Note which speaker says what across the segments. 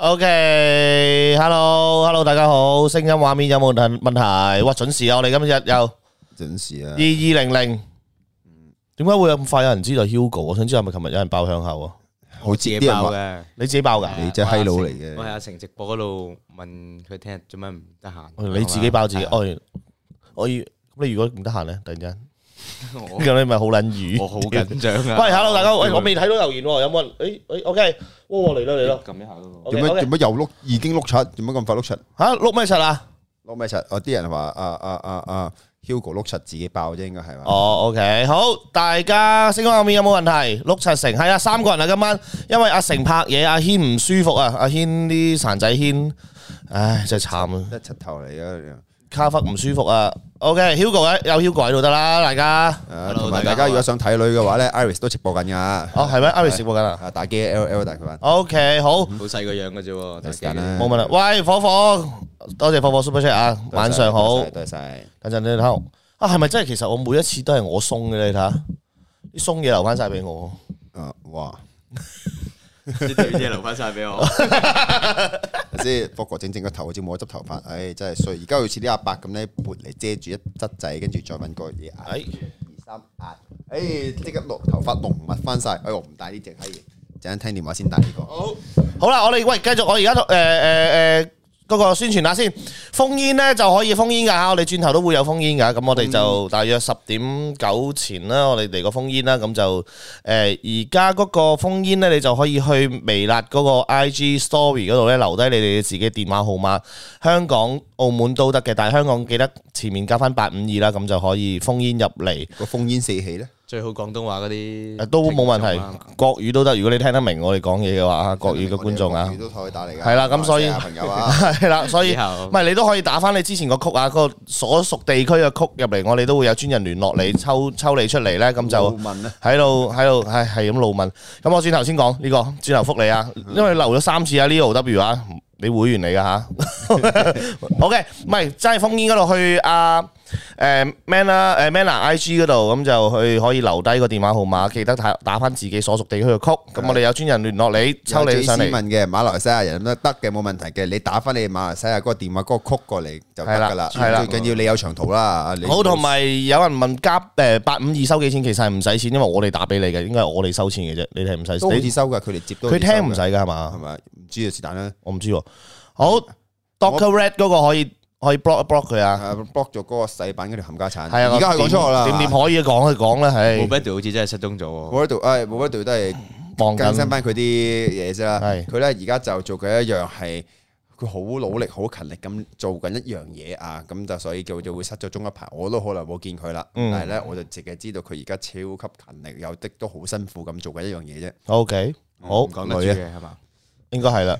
Speaker 1: O K，Hello，Hello，大家好，聲音畫面有冇問問題？哇，準時啊！我哋今日又準時啊！二二零零，嗯，點解會有咁快有人知道 Hugo？我想知係咪琴日有人爆響口啊？我自己爆嘅，你自己爆噶？你隻閪佬嚟嘅。我
Speaker 2: 喺阿成直播嗰度問佢聽日做咩唔得閒？你自己爆自己？
Speaker 1: 哦，我要咁你如果唔得閒咧，突然間。呢咁你咪好撚魚，我好緊張啊！喂，hello，大家，喂、哎，我未睇到留言喎，有冇人？誒 o k 嚟啦嚟啦，撳、okay, 一下咯、那個。做乜做乜？okay.
Speaker 3: 又碌已經碌柒？做乜咁快碌柒？
Speaker 1: 吓碌咩柒？啊？碌咩柒？我啲、哦、人話啊，
Speaker 3: 啊，啊，啊 Hugo 碌柒自己爆啫，應該係嘛？哦、
Speaker 1: oh,，OK，好，大家星光後面有冇問題？碌柒成係啊，三個人啊，今晚因為阿成拍嘢，阿軒唔舒服啊，阿軒啲散仔軒，唉，真係慘啊，一柒頭嚟噶。卡啡唔舒服啊。OK，Hugo、okay, 有 Hugo 喺度得啦，大家。同埋 Hello, 大家，大家如果想睇女嘅話咧，Iris 都直播緊噶。哦、啊，係咩？Iris 直播緊啊。打機，L L 打佢翻。OK，好。好
Speaker 2: 細個樣嘅啫，得時間啦。冇問題。
Speaker 1: 喂，火火，多謝火火 super chat 啊，晚上好。多謝晒，等陣你睇，啊係咪真係？其實我每一次都係我送嘅咧，你睇下，啲送嘢留翻晒俾我。啊、呃，哇！
Speaker 2: 先
Speaker 3: 掉遮，留翻晒俾我。先，波波整整個頭好似冇一撮頭髮，唉，真係衰。而家好似啲阿伯咁咧，撥嚟遮住一撮仔，跟住再搵個嘢壓，唉，二三壓，哎，即刻落頭髮濃密翻晒。哎，我唔帶呢隻，嘿，陣間聽電話先帶呢個
Speaker 1: 好。好，好啦，我哋喂，繼續，我而家都，誒誒誒。呃呃嗰個宣傳下先，烽煙呢就可以烽煙㗎嚇，我哋轉頭都會有烽煙㗎。咁我哋就大約十點九前啦，我哋嚟個烽煙啦。咁就誒，而家嗰個烽煙呢，你就可以去微辣嗰個 IG Story 嗰度呢，留低你哋自己電話號碼，香港、澳門都得嘅，但係香港記得前面加翻八五二啦，咁就可以烽煙入嚟。個烽煙四起呢。
Speaker 2: 最好廣東話嗰啲，都冇問題。眾啊、
Speaker 1: 國語都得，如果你聽得明我哋講嘢嘅話啊，嗯、國語嘅觀眾啊，嗯、都可以打嚟嘅。係啦，咁所以，朋友啊，係 啦，所以，唔係後你都可以打返你之前個曲啊，個所屬地區嘅曲入嚟，我哋都會有專人聯絡你，抽抽你出嚟咧。咁就喺度喺度，係係咁路問。咁我轉頭先講呢個，轉頭覆你啊，因為留咗三次啊，呢個 Leo W 啊，你會員嚟㗎吓。OK，唔係，齋係封煙嗰度去啊！ okay, 誒，Manner，誒，Manner，IG 嗰度，咁就去可以留低個電話號碼，記得打打翻自己所屬地區嘅 code。咁我哋有專人聯絡你，抽你上嚟。市民嘅馬來西亞人
Speaker 3: 得得嘅冇問題嘅，你打翻你馬來西亞嗰個電話嗰個 code 過嚟就得噶啦。係啦，最緊要你有
Speaker 1: 長途啦。好，同埋有人問加誒八五二收幾錢？其實係唔使錢，因為我哋打俾你嘅，應該係我哋收錢嘅啫。你哋唔使？第一次收嘅，佢哋接到。佢聽唔使噶係嘛？係咪？唔知啊，是但啦，我唔知。好，Doctor Red 嗰個可以。可以 block 一 block 佢啊！block 咗嗰個細版嗰條冚家
Speaker 2: 鏟。係啊，而、啊、家講錯啦。點點可以講佢講咧，唉。冇雷迪好似真係失蹤咗喎。
Speaker 3: 冇雷迪，唉、哎，布雷迪都係更新翻佢啲嘢啫。係著。佢咧而家就做緊一樣係，佢好努力、好勤力咁做緊一樣嘢啊！咁就所以叫做會失咗蹤一排，我都好耐冇見佢啦。嗯、但係咧，我就淨係知道佢而家超級勤力，有的
Speaker 1: 都好辛苦咁做緊一樣嘢啫。O Okay , K，、嗯、好講到嘢係嘛？應該係啦，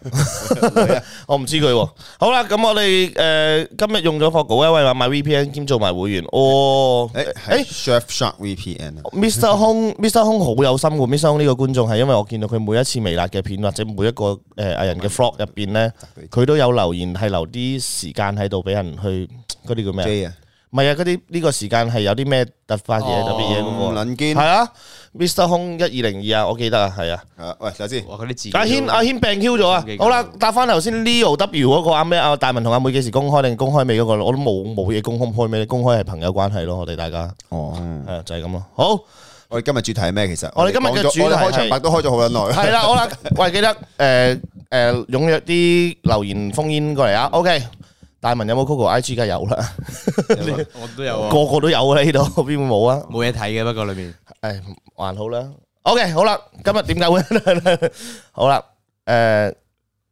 Speaker 1: 我唔知佢、啊。好啦，咁我哋誒今日用咗 g 稿一位 l e 話買 VPN 兼做埋會員哦。誒誒，Chef Shark VPN 啊，Mr 空，Mr 空好有心喎、啊。 Mr 空呢個觀眾係因為我見到佢每一次微辣嘅片或者每一個誒藝、呃、人嘅 Vlog 入邊咧，佢 都有留言係留啲時間喺度俾人去嗰啲叫咩 J. 啊？唔係、oh，啊，嗰啲呢個時間係有啲咩突發嘢特別嘢嗰個。能見係啊。Mr 空一二零二啊，我記得啊，係啊，喂，首先阿軒阿軒病 Q 咗啊，好啦，答翻頭先 Leo W 嗰個阿咩阿大文同阿妹幾時公開定公開未嗰個，我都冇冇嘢公公開咩，公開係朋友關係咯，我哋大家哦，係就係咁咯，好，我哋今日主題係咩？其實我哋今日嘅主題開場白都開咗好耐，係啦，好啦，喂，記得誒誒踴躍啲留言烽煙過嚟啊，OK，大文有冇 Google I G？有啦，我
Speaker 2: 都有，
Speaker 1: 個個都有啦呢度，邊會冇啊？
Speaker 2: 冇嘢睇嘅不過裏面，誒。還
Speaker 1: 好啦，OK，好啦，今日點解會好啦？誒，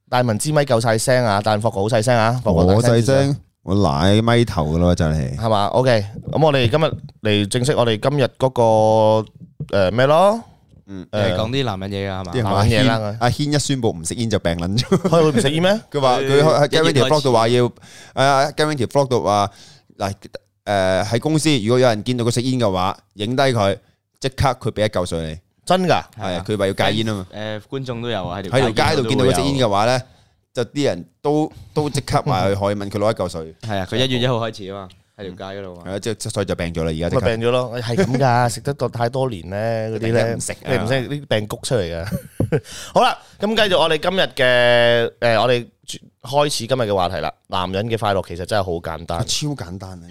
Speaker 1: 大文支咪夠晒聲啊，但霍哥好細聲啊，霍哥好細聲，
Speaker 3: 我奶咪頭噶啦真係，
Speaker 1: 係嘛？OK，咁我哋今日嚟正式，我哋今日嗰個誒咩咯？嗯，誒，講啲男人嘢啊係嘛？男人嘢啦，阿軒一宣布唔食煙就病捻咗，佢會唔食煙咩？佢話佢喺 telegram 度話
Speaker 3: 要誒，telegram 度話嗱誒喺公司，如果有人見到佢食煙嘅話，影低佢。即刻佢俾一嚿水你，真噶，係啊，佢話要戒煙啊嘛。
Speaker 2: 誒、呃，觀眾都有啊喺條喺條街度見到佢食煙嘅
Speaker 3: 話咧，就啲人都都即刻話去海問佢攞一嚿水。
Speaker 2: 係啊， 佢一月一號開始啊嘛，喺條街嗰度係啊，即係，所以就病咗啦而家。
Speaker 3: 就
Speaker 1: 病咗咯，係咁噶，食得多太多年咧，嗰啲咧，唔食，你唔食啲病谷出嚟噶。 好啦，咁繼續我哋今日嘅，誒，我哋開始今日嘅話題啦。男人嘅快樂其實真係好簡單，超簡單啊！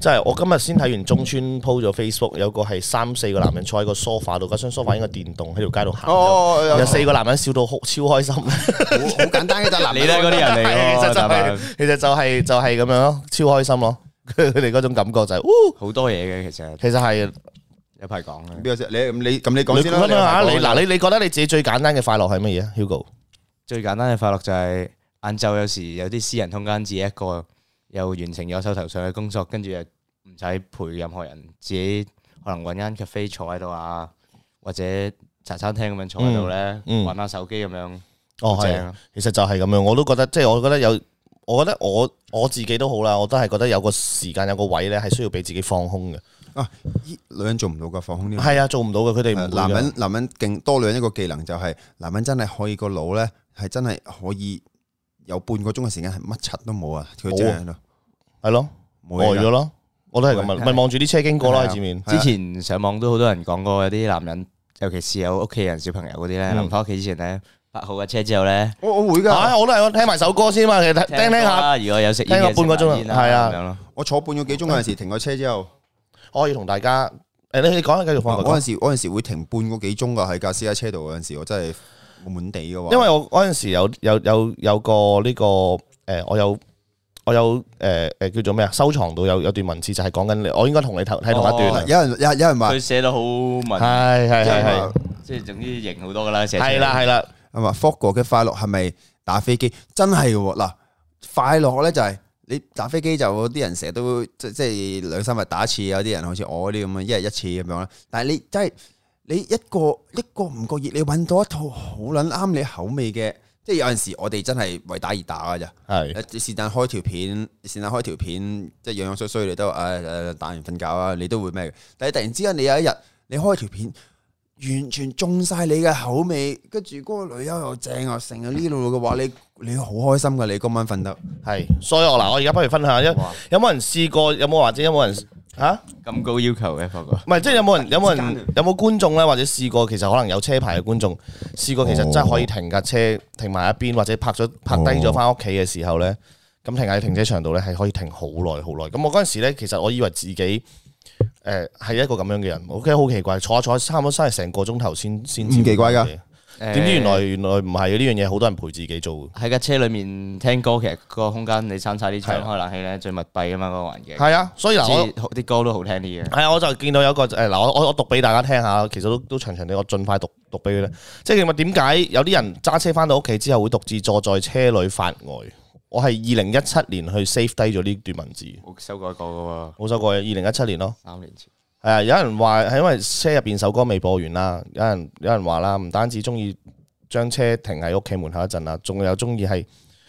Speaker 1: 即係我今日先睇完中村 po 咗 Facebook，有個係三四個男人坐喺個梳化度，嗰張梳化應該電動，喺條街度行，有四個男人笑到哭，超開心，好
Speaker 3: 簡單嘅，嗱你咧嗰啲人嚟咯，係嘛？
Speaker 1: 其實就係就係咁樣咯，超開心咯，佢哋嗰種感覺就係，好
Speaker 3: 多嘢嘅其實，其實係。一排講啦，你咁你咁近你
Speaker 1: 講先啦你嗱你
Speaker 2: 近你覺得你自己最簡單嘅快樂係乜嘢啊？Hugo 最簡單嘅快樂就係晏晝有時有啲私人空間自己一個，又完成咗手頭上嘅工作，跟住又唔使陪任何人，自己可能揾間 cafe 坐喺度啊，或者茶餐廳咁樣坐喺度咧，嗯嗯、玩下手機咁樣。哦，係啊棒，
Speaker 1: 其實就係咁樣，我都覺得即係、就是、我覺得有，我覺得我我自己都好啦，我都係覺得有個時間有個位咧，係需要俾自己放空嘅。啊！女人做唔到，噶，放空啲，係啊，做唔到噶。佢哋，
Speaker 3: 男人，男人勁多女人一個技能就係，男人真係可以個腦咧，係真係可以有半個鐘嘅時間係乜柒都冇啊！佢係咯，
Speaker 1: 呆咗
Speaker 2: 咯，我都係咁啊！咪望住啲車經過囉喺前面。之前上網都好多人講過，有啲男人，尤其是有屋企人、小朋友嗰啲咧，臨返屋企之前咧，發號嘅車之後咧，
Speaker 1: 我我會噶，我都係聽埋首歌先嘛，聽聽下。
Speaker 2: 如果有食煙嘅，半個鐘係啊，
Speaker 1: 我坐半個幾鐘嗰陣時停個車之後。我要同大家，誒，你你講緊繼續放嗰陣、啊、時，
Speaker 3: 陣時會停半個幾鐘噶，喺架私家車度嗰陣時，我真係悶悶地噶。因為我
Speaker 1: 嗰陣時有有有有個呢、這個，誒、呃，我有我有，誒、呃、誒，叫做咩啊？收藏到有有段文字就係講緊你，我應該同你睇同一段、哦、是有人有
Speaker 2: 有人話佢寫得好文，係係係，即係總之型好多噶啦。寫係啦係啦，
Speaker 3: 我話福哥嘅快樂係咪打飛機？真係噶嗱，快樂咧就係、是。你打飛機就啲人成日都即即係兩三日打一次，有啲人好似我啲咁樣，一日一次咁樣啦。但係你真係、就是、你一個一個唔覺意，你揾到一套好撚啱你口味嘅，即、就、係、是、有陣時我哋真係為打而打噶咋。是的 一是但開條片，是但開條片，即係樣樣衰衰，你都誒誒、哎、打完瞓覺啊，你都會咩？但係突然之間你有一日你開條片，完全中晒你嘅口味，跟住嗰個女優又正啊，成啊呢路嘅話你。你好開心噶！你今晚瞓得
Speaker 1: 係，所以我嗱，我而家，不如分享一下，有冇人試過？有冇或
Speaker 2: 者有冇人吓咁、啊、高要求嘅？
Speaker 1: 唔係，即係有冇人？然有冇人？有冇觀眾咧？或者試過？其實可能有車牌嘅觀眾試過，其實真係可以停架車、哦、停埋一邊，或者拍咗拍低咗返屋企嘅時候咧，咁停喺、哦、停車場度咧係可以停好耐好耐。咁我嗰陣時咧，其實我以為自己誒係一個咁樣嘅人，我真係好奇怪，坐坐差唔多真係成個鐘頭先先知。唔奇怪噶。點知原來原來唔係嘅呢樣嘢，好多人陪自己做
Speaker 2: 嘅。喺架車裏面聽歌，其實個空間你閂晒啲窗，的開冷氣咧最密閉噶嘛，那個環境。係啊，所以嗱，像我啲歌都好聽啲嘅。係啊，我就見到有一個誒，嗱我我我讀俾大家聽下，其實都都長
Speaker 1: 長地，我盡快讀讀俾佢啦。即係點解有啲人揸車翻到屋企之後會獨自坐在車裏發呆？我係二零一七年去 save 低咗呢段文字。
Speaker 2: 我修改過噶
Speaker 1: 喎。冇修改，二零一七年咯。三年前。誒有人話係因為車入邊首歌未播完啦，有人有人話啦，唔單止中意將車停喺屋企門口一陣啦，仲有中意係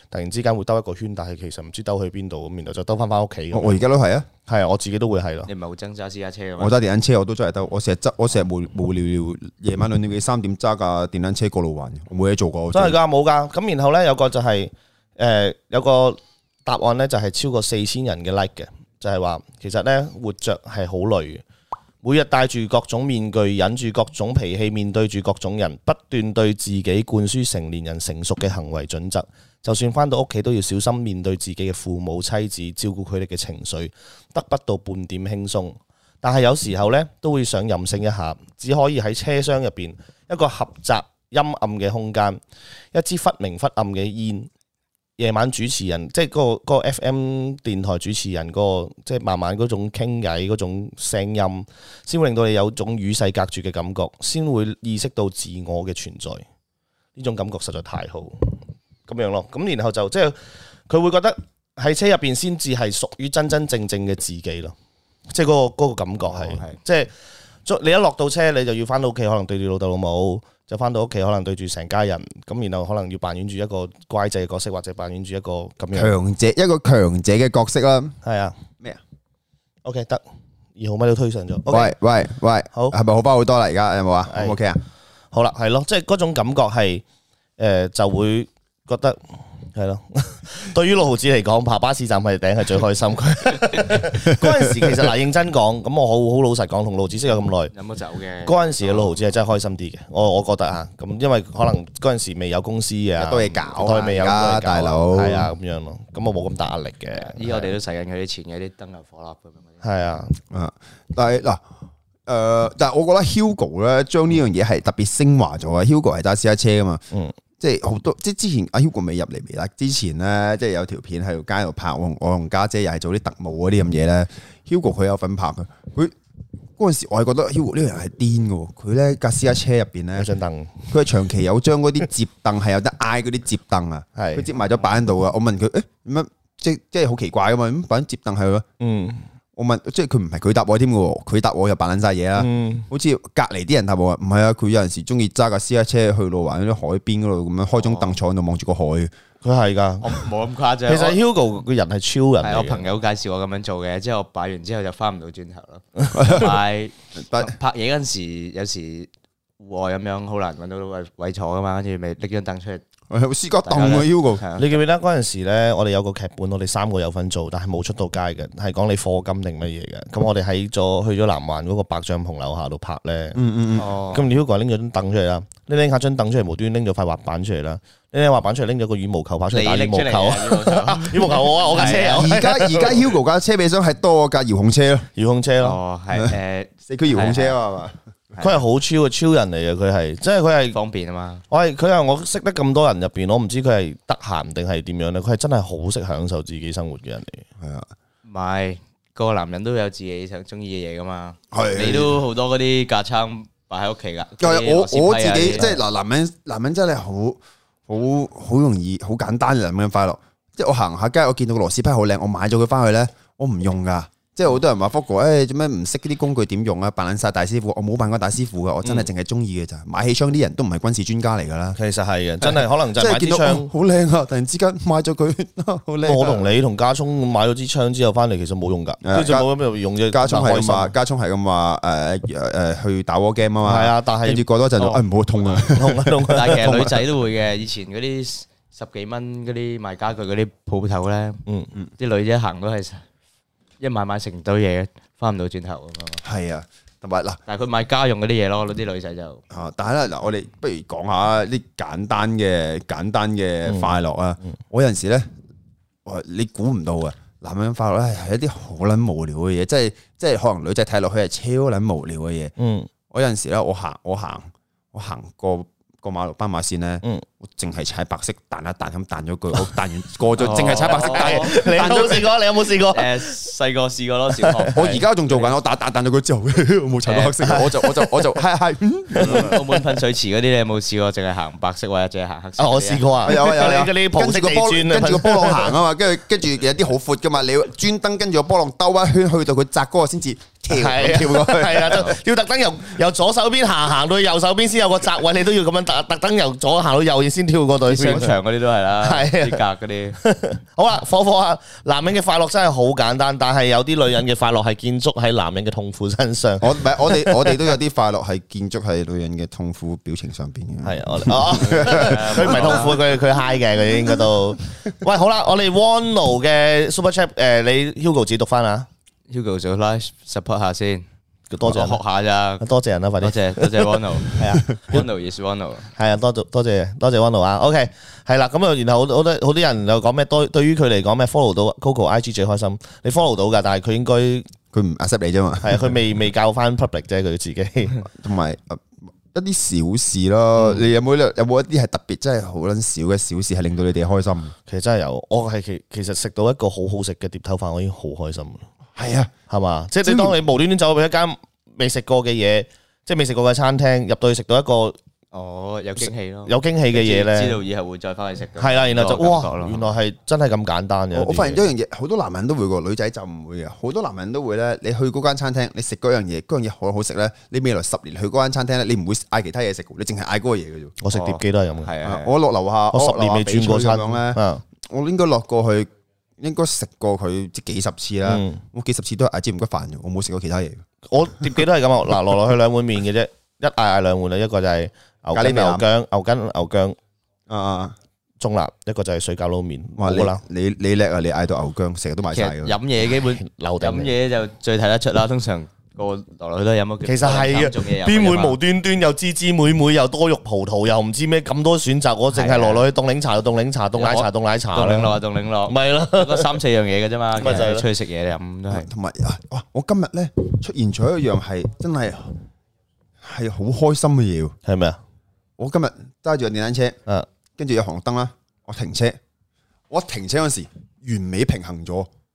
Speaker 1: 突然之間會兜一個圈，但係其實唔知兜去邊度咁，然後就兜翻翻屋企。我而家都係
Speaker 3: 啊，係我自己都會係咯。你唔
Speaker 1: 係好憎揸私家車嘅？我揸電
Speaker 3: 單車，我都真係兜。我成日執，我成日無無聊聊，夜晚兩點幾三點揸架電單車過路玩，冇嘢做過。真係㗎，
Speaker 1: 冇㗎。咁然後咧，有個就係、是、誒、呃、有個答案咧，就係超過四千人嘅 like 嘅，就係話其實咧活着係好累。每日戴住各種面具，忍住各種脾氣，面對住各種人，不斷對自己灌輸成年人成熟嘅行為準則。就算返到屋企，都要小心面對自己嘅父母、妻子，照顧佢哋嘅情緒，得不到半點輕鬆。但係有時候呢，都會想任性一下，只可以喺車廂入邊一個狹窄陰暗嘅空間，一支忽明忽暗嘅煙。夜晚主持人，即係嗰個嗰個 F.M. 電台主持人個，即係慢慢嗰種傾偈嗰種聲音，先會令到你有種與世隔絕嘅感覺，先會意識到自我嘅存在，呢種感覺實在太好，咁樣咯。咁然後就即係佢會覺得喺車入邊先至係屬於真真正正嘅自己咯，即係嗰個嗰個感覺係，即係 Okay. 你一落到車，你就要翻到屋企，可能對住老豆老母。就翻到屋企可能對住成家人咁，然後可能要扮演住一個乖仔嘅角色，或者扮演住一個咁樣強
Speaker 3: 者一個強者嘅角色啦，
Speaker 1: 係啊。咩啊？OK 得，二號咪都推上咗，OK。喂喂喂，好係咪好包好多啦？而家有冇啊？OK 啊？好啦，係咯，即係嗰種感覺係誒，呃，就會覺得。係咯，對於六毫子嚟講，爬巴士站係頂係最開心。嗰陣時其實嗱，認真講，咁我好好老實講，同六毫子識咗咁耐，有
Speaker 2: 冇走嘅？嗰
Speaker 1: 陣時嘅六毫子係真係開心啲嘅，我我覺得啊，咁因為可能嗰陣時未有公司嘅，多嘢搞，搞，我未有啊，大佬係啊，咁樣咯，咁我冇咁大壓力嘅。
Speaker 2: 依家我哋都使緊佢啲錢嘅，啲燈油火蠟
Speaker 3: 咁樣。係對啊，啊，但係嗱，誒、呃，但係我覺得呢將 Hugo 咧，將呢樣嘢係特別昇華咗啊。Hugo 係揸私家車噶嘛，嗯。即係好多，即係之前阿、啊、Hugo 未入嚟，未啦。之前咧，即係有條片喺度街度拍，我同家姐，姐又係做啲特務嗰啲咁嘢咧。Hugo 佢有份拍嘅，佢嗰陣時我係覺得 Hugo 呢個人係癲嘅。佢咧架，私家車入邊咧，張凳，佢係長期有將嗰啲折凳係有得嗌嗰啲折凳啊，係佢折埋咗擺喺度啊。我問佢，誒、欸，咁樣即即係好奇怪㗎嘛，咁擺啲折凳喺度，嗯。我問，即係佢唔係佢答我添嘅喎，佢答我又扮捻晒嘢啊，好似隔籬啲人答我，唔係啊！佢有陣時中意揸架私家車去路環喺啲海邊嗰度，咁樣開張凳坐喺度望住個海，佢
Speaker 1: 係噶。冇
Speaker 2: 咁誇張。其實 Hugo
Speaker 1: 個人係超人。係我,我朋
Speaker 2: 友介紹我咁樣做嘅，之後擺完之後就翻唔到轉頭咯。拍拍拍嘢嗰陣時，有時戶外咁樣好難搵到位位坐噶嘛，跟住咪拎張凳出嚟。我係會撕架凳嘅，Hugo。你記
Speaker 1: 唔記得嗰陣時咧？我哋有個劇本，我哋三個有份做，但係冇出到街嘅，係講你課金定乜嘢嘅。咁我哋喺咗去咗南環嗰個白帳篷樓下度拍咧。嗯嗯嗯。哦。咁 Hugo 拎咗張凳出嚟啦，你拎下張凳出嚟，無端端拎咗塊滑板出嚟啦，拎滑板出嚟，拎咗個羽毛球拍出嚟打羽毛球羽毛球
Speaker 2: 我啊，我架車有。而家而家
Speaker 1: Hugo 架車尾箱係多架遙控車咯，遙控車咯。哦，係誒，四驅遙控車係嘛？佢係好超嘅超人嚟嘅，佢係，即係佢係方便啊嘛。我係佢係我識得咁多人入邊，我唔知佢係得閒定係點樣咧。佢係真係好識享受自己生活嘅人嚟，係啊。
Speaker 2: 唔係個個男人都有自己想中意嘅嘢噶嘛。係你都好多嗰啲架撐擺喺屋企噶。我我自己即係嗱，男
Speaker 3: 人男人真係好好好容易好簡單嘅男人快樂。即係我行下街，我見到個螺絲批好靚，我買咗佢翻去咧，我唔用噶。即係好多人話福哥誒，做咩唔識啲工具點用啊？扮撚晒大師傅，我冇扮過大師傅噶，我真係淨係中意
Speaker 1: 嘅咋。買氣槍啲人都唔係軍事專家嚟噶啦。其實係嘅，真係可能就係。即係見到
Speaker 3: 好靚啊！突然之間買咗佢，好靚。我同你
Speaker 1: 同家聰買咗支槍之後翻嚟，其實冇用噶，完全冇咁用嘅。家聰係咁話，家聰係咁話，誒誒，去打 war game 啊嘛。
Speaker 2: 係啊，但係跟住過多陣，誒唔好痛啊，痛痛，但係其實女仔都會嘅。以前啲十幾蚊啲賣家具啲鋪頭咧，啲女仔行都係。即買買食唔到嘢，翻唔到轉頭咁樣！係啊，同埋嗱，但係佢買家用嗰啲嘢咯，啲女仔就
Speaker 3: 啊！但係咧嗱，我哋不如講下啲簡單嘅、簡單嘅快樂啊！嗯嗯、我有陣時咧，我你估唔到啊，男人快樂咧係一啲好撚無聊嘅嘢，即係即係可能女仔睇落去係超撚無聊嘅嘢。嗯，我有陣時咧，我行我行我行過。過馬路斑馬線咧，我淨係踩白色彈一彈咁彈咗佢，我彈完過咗淨係踩白色
Speaker 2: 彈。哦、彈你有冇試過？你有冇試過？誒、欸，細個試過咯，小學。對我而
Speaker 3: 家仲做緊，我彈彈彈到佢之後， 我冇踩到黑色。我就我就我
Speaker 2: 就係係澳門噴水池嗰啲，你有冇試過？淨係行白色或者淨係行黑色？我試過啊，有有有。有
Speaker 1: 有你跟住個波，跟住個波浪行
Speaker 3: 啊嘛，跟住跟住有啲好闊噶嘛，你專登跟住個波浪兜一圈，去到
Speaker 1: 佢窄嗰個先至。係跳係 啊，要特登由由左手邊行行到右手邊先有個窄位，你都要咁樣特特登由左行到右先跳過到去，去。上場嗰啲
Speaker 2: 都係啦，係
Speaker 1: 啊，夾嗰啲。 好啦，火火啊，4, 男人嘅快樂真係好簡單，但係有啲女人嘅快樂係建築喺男人嘅痛苦身上。 我唔係我哋我哋都有
Speaker 3: 啲快樂係建築喺女人嘅痛苦表情上邊嘅。係、 啊、我，哋、 呃，佢唔係痛苦，
Speaker 1: 佢佢 high 嘅，佢、呃呃呃、應該都。該 喂，好啦，我哋 w a 嘅 Super Chat，誒，你、呃呃、Hugo 自己讀翻啊。Hugo 就 live support 下先，多謝學下咋，多謝人啦，快多謝多謝 Wono，係啊
Speaker 2: Wono yes Wono，
Speaker 1: 係啊，多謝多謝多謝 Wono 啊，OK，係啦，咁啊，然後好多好啲人又講咩，多對於佢嚟講咩，follow 到 Coco IG 最開心，你 follow 到噶，但係佢應該佢唔 accept 你啫嘛，係佢未未教翻 public 啫，佢、嗯、自己，同埋
Speaker 3: 一啲小事咯，你有冇有冇一啲係特別真係好捻少嘅小事，係令到你哋開心其？
Speaker 1: 其實真係有，我係其其實食到一個好好食嘅碟頭飯，我已經好開心。係啊，係嘛？即係你當你無端端走去一間未食過嘅嘢，即係未食過嘅餐廳入到去食到一個，
Speaker 2: 哦，有驚喜咯，有驚喜嘅嘢咧，知道以後會再翻去食。係啦，然後就哇，原
Speaker 1: 來係真係咁簡單嘅。我發現
Speaker 3: 一樣嘢，好多男人都會喎，女仔就唔會嘅。好多男人都會咧，你去嗰間餐廳，你食嗰樣嘢，嗰樣嘢好好食咧？你未來十年去嗰間餐廳咧，你唔會嗌其他嘢食，你淨係嗌嗰個嘢嘅啫。我食碟雞都係咁，係啊。我落樓下，我十年未轉過餐咧，我應該落過去。應該食過佢，即幾十次啦，我幾十次都係艾椒牛骨飯咋，我冇食過其他
Speaker 1: 嘢。我點嘅都係咁啊，嗱，落落去兩碗麵嘅啫，一嗌嗌兩碗啦，一個就係咖喱牛薑、牛筋、牛筋、啊，中辣，一個就係水餃撈麵。好啦，你你叻啊，你嗌到牛薑成日都買晒。飲嘢，基本
Speaker 2: 飲嘢就最睇得出啦，通常。個來來都有其實係啊，邊會無端端，端
Speaker 1: 又芝芝妹妹又多肉葡萄又唔知咩咁多選擇？我淨係落落去凍檸茶又凍檸茶凍奶我茶凍奶茶凍檸樂
Speaker 2: 凍檸樂，唔係咯，三四樣嘢嘅啫嘛。咁 就了出去食嘢飲都係。同埋
Speaker 3: 啊，我今日咧出現咗一樣係真係係好開心嘅嘢，係咪啊？我今日揸住個電單車，嗯、啊，跟住有紅綠燈啦，我停車，我停車嗰時完美平衡咗。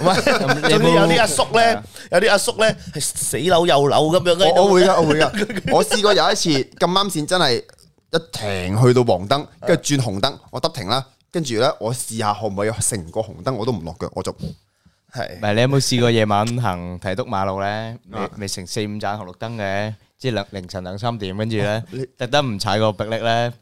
Speaker 3: 喂，有啲阿叔
Speaker 1: 咧，有啲阿叔咧係死扭又扭咁樣嘅。我我會噶，我會噶。我試過有一次咁
Speaker 3: 啱線真係一停去到黃燈，跟住轉紅燈，我得停啦。跟住咧，我試下可唔可以成個紅燈我都唔落腳，我就
Speaker 2: 係。唔係，你有冇試過夜晚行提督馬路咧？未未成四五盞紅綠燈嘅，即係兩凌晨兩三點，跟住咧特登唔踩個迫力咧。